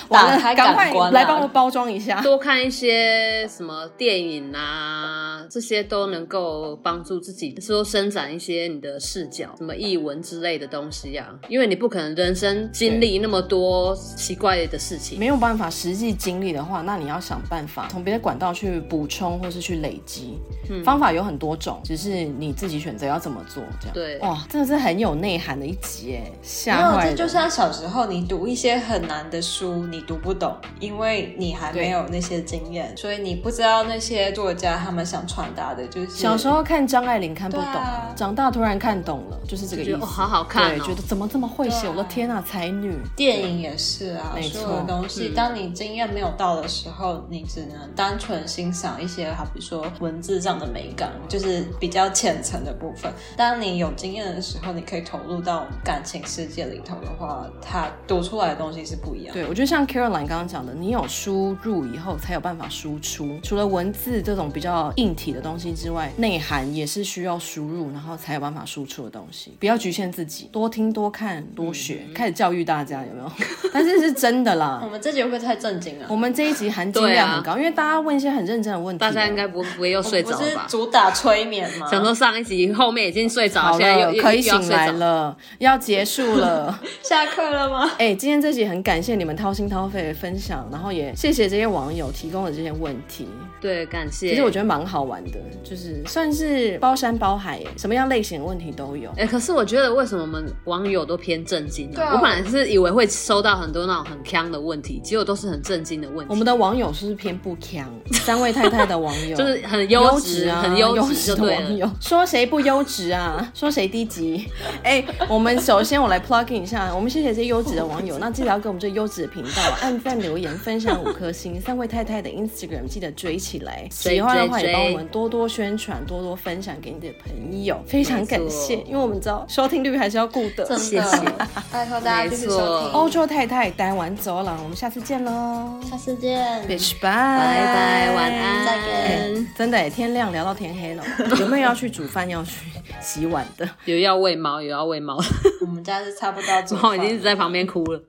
完了、 <laughs> 啊，趕快來幫我包裝一下，多看一些什麼電影啊，這些都能夠幫助自己說伸展一些你的視角，什麼。藝文之類的東西呀、啊，因為你不可能人生經歷那麼多奇怪的事情，沒有辦法實際經歷的話，那你要想辦法從別的管道去補充或是去累積、嗯。方法有很多種，只是你自己選擇要怎麼做這。這樣，對，哇，真的是很有內涵的一集哎、欸。沒有，這就像小時候你讀一些很難的書，你讀不懂，因為你還沒有那些經驗，所以你不知道那些作家他們想傳達的。就是小時候看張愛玲看不懂、啊，長大突然看懂了。就是這個意思，覺得哦、好好看、哦，對，覺得怎麼這麼會寫？我的、啊、天吶、啊，才女！電影也是啊，沒錯。東西、嗯，當你經驗沒有到的時候，你只能單純欣賞一些，好比如說文字上的美感，就是比較淺層的部分。當你有經驗的時候，你可以投入到感情世界裡頭的話，它讀出來的東西是不一樣。對，我覺得像 Caroline 剛剛講的，你有輸入以後才有辦法輸出。除了文字這種比較硬體的東西之外，內涵也是需要輸入，然後才有辦法輸出的東西。不要侷限自己，多聽多看多學、嗯，開始教育大家有沒有？ <laughs> 但是是真的啦。 <laughs> 我們這集會不會太正經了？我們這一集含金量很高，啊，因為大家問一些很認真的問題、喔。大家應該不不會又睡着吧？這是主打催眠嘛， <laughs> 想說上一集後面已經睡着，了，可以醒來了，要，要結束了， <laughs> 下課了嗎？哎、欸，今天這集很感謝你們掏心掏肺的分享，然後也謝謝這些網友提供的這些問題。對，感謝。其實我覺得蠻好玩的，就是算是包山包海，什麼樣類型的問題都有。哎、欸，可是我覺得為什麼我們網友都偏正經、啊？呢、啊？我本來是以為會收到很多那種很鏘的問題，結果都是很正經的問題。我們的網友是不是偏不鏘？ <laughs> 三位太太的網友，就是很優質啊，很優質的網友。說誰不優質啊？說誰低級？哎、欸，我們首先我來 plug in 一下，我們謝謝這優質的網友，oh、那記得要給我們這優質的頻道、啊、按讚、留言、分享五顆星。三位太太的 Instagram 記得追起。追追追喜歡的話也幫我們多多宣傳，多多分享給你的朋友，非常感謝，因為我們知道收聽率還是要顧的。謝謝，拜托大家繼續收聽。歐洲太胎呆丸軸郎，我們下次見嘍，下次見，拜拜，晚安，再見。真的，天亮聊到天黑了，有沒有要去煮飯、 <laughs> 要去洗碗的？有要餵貓，有要餵貓的。 <laughs> 我們家是差不多煮了，貓已經在旁邊哭了。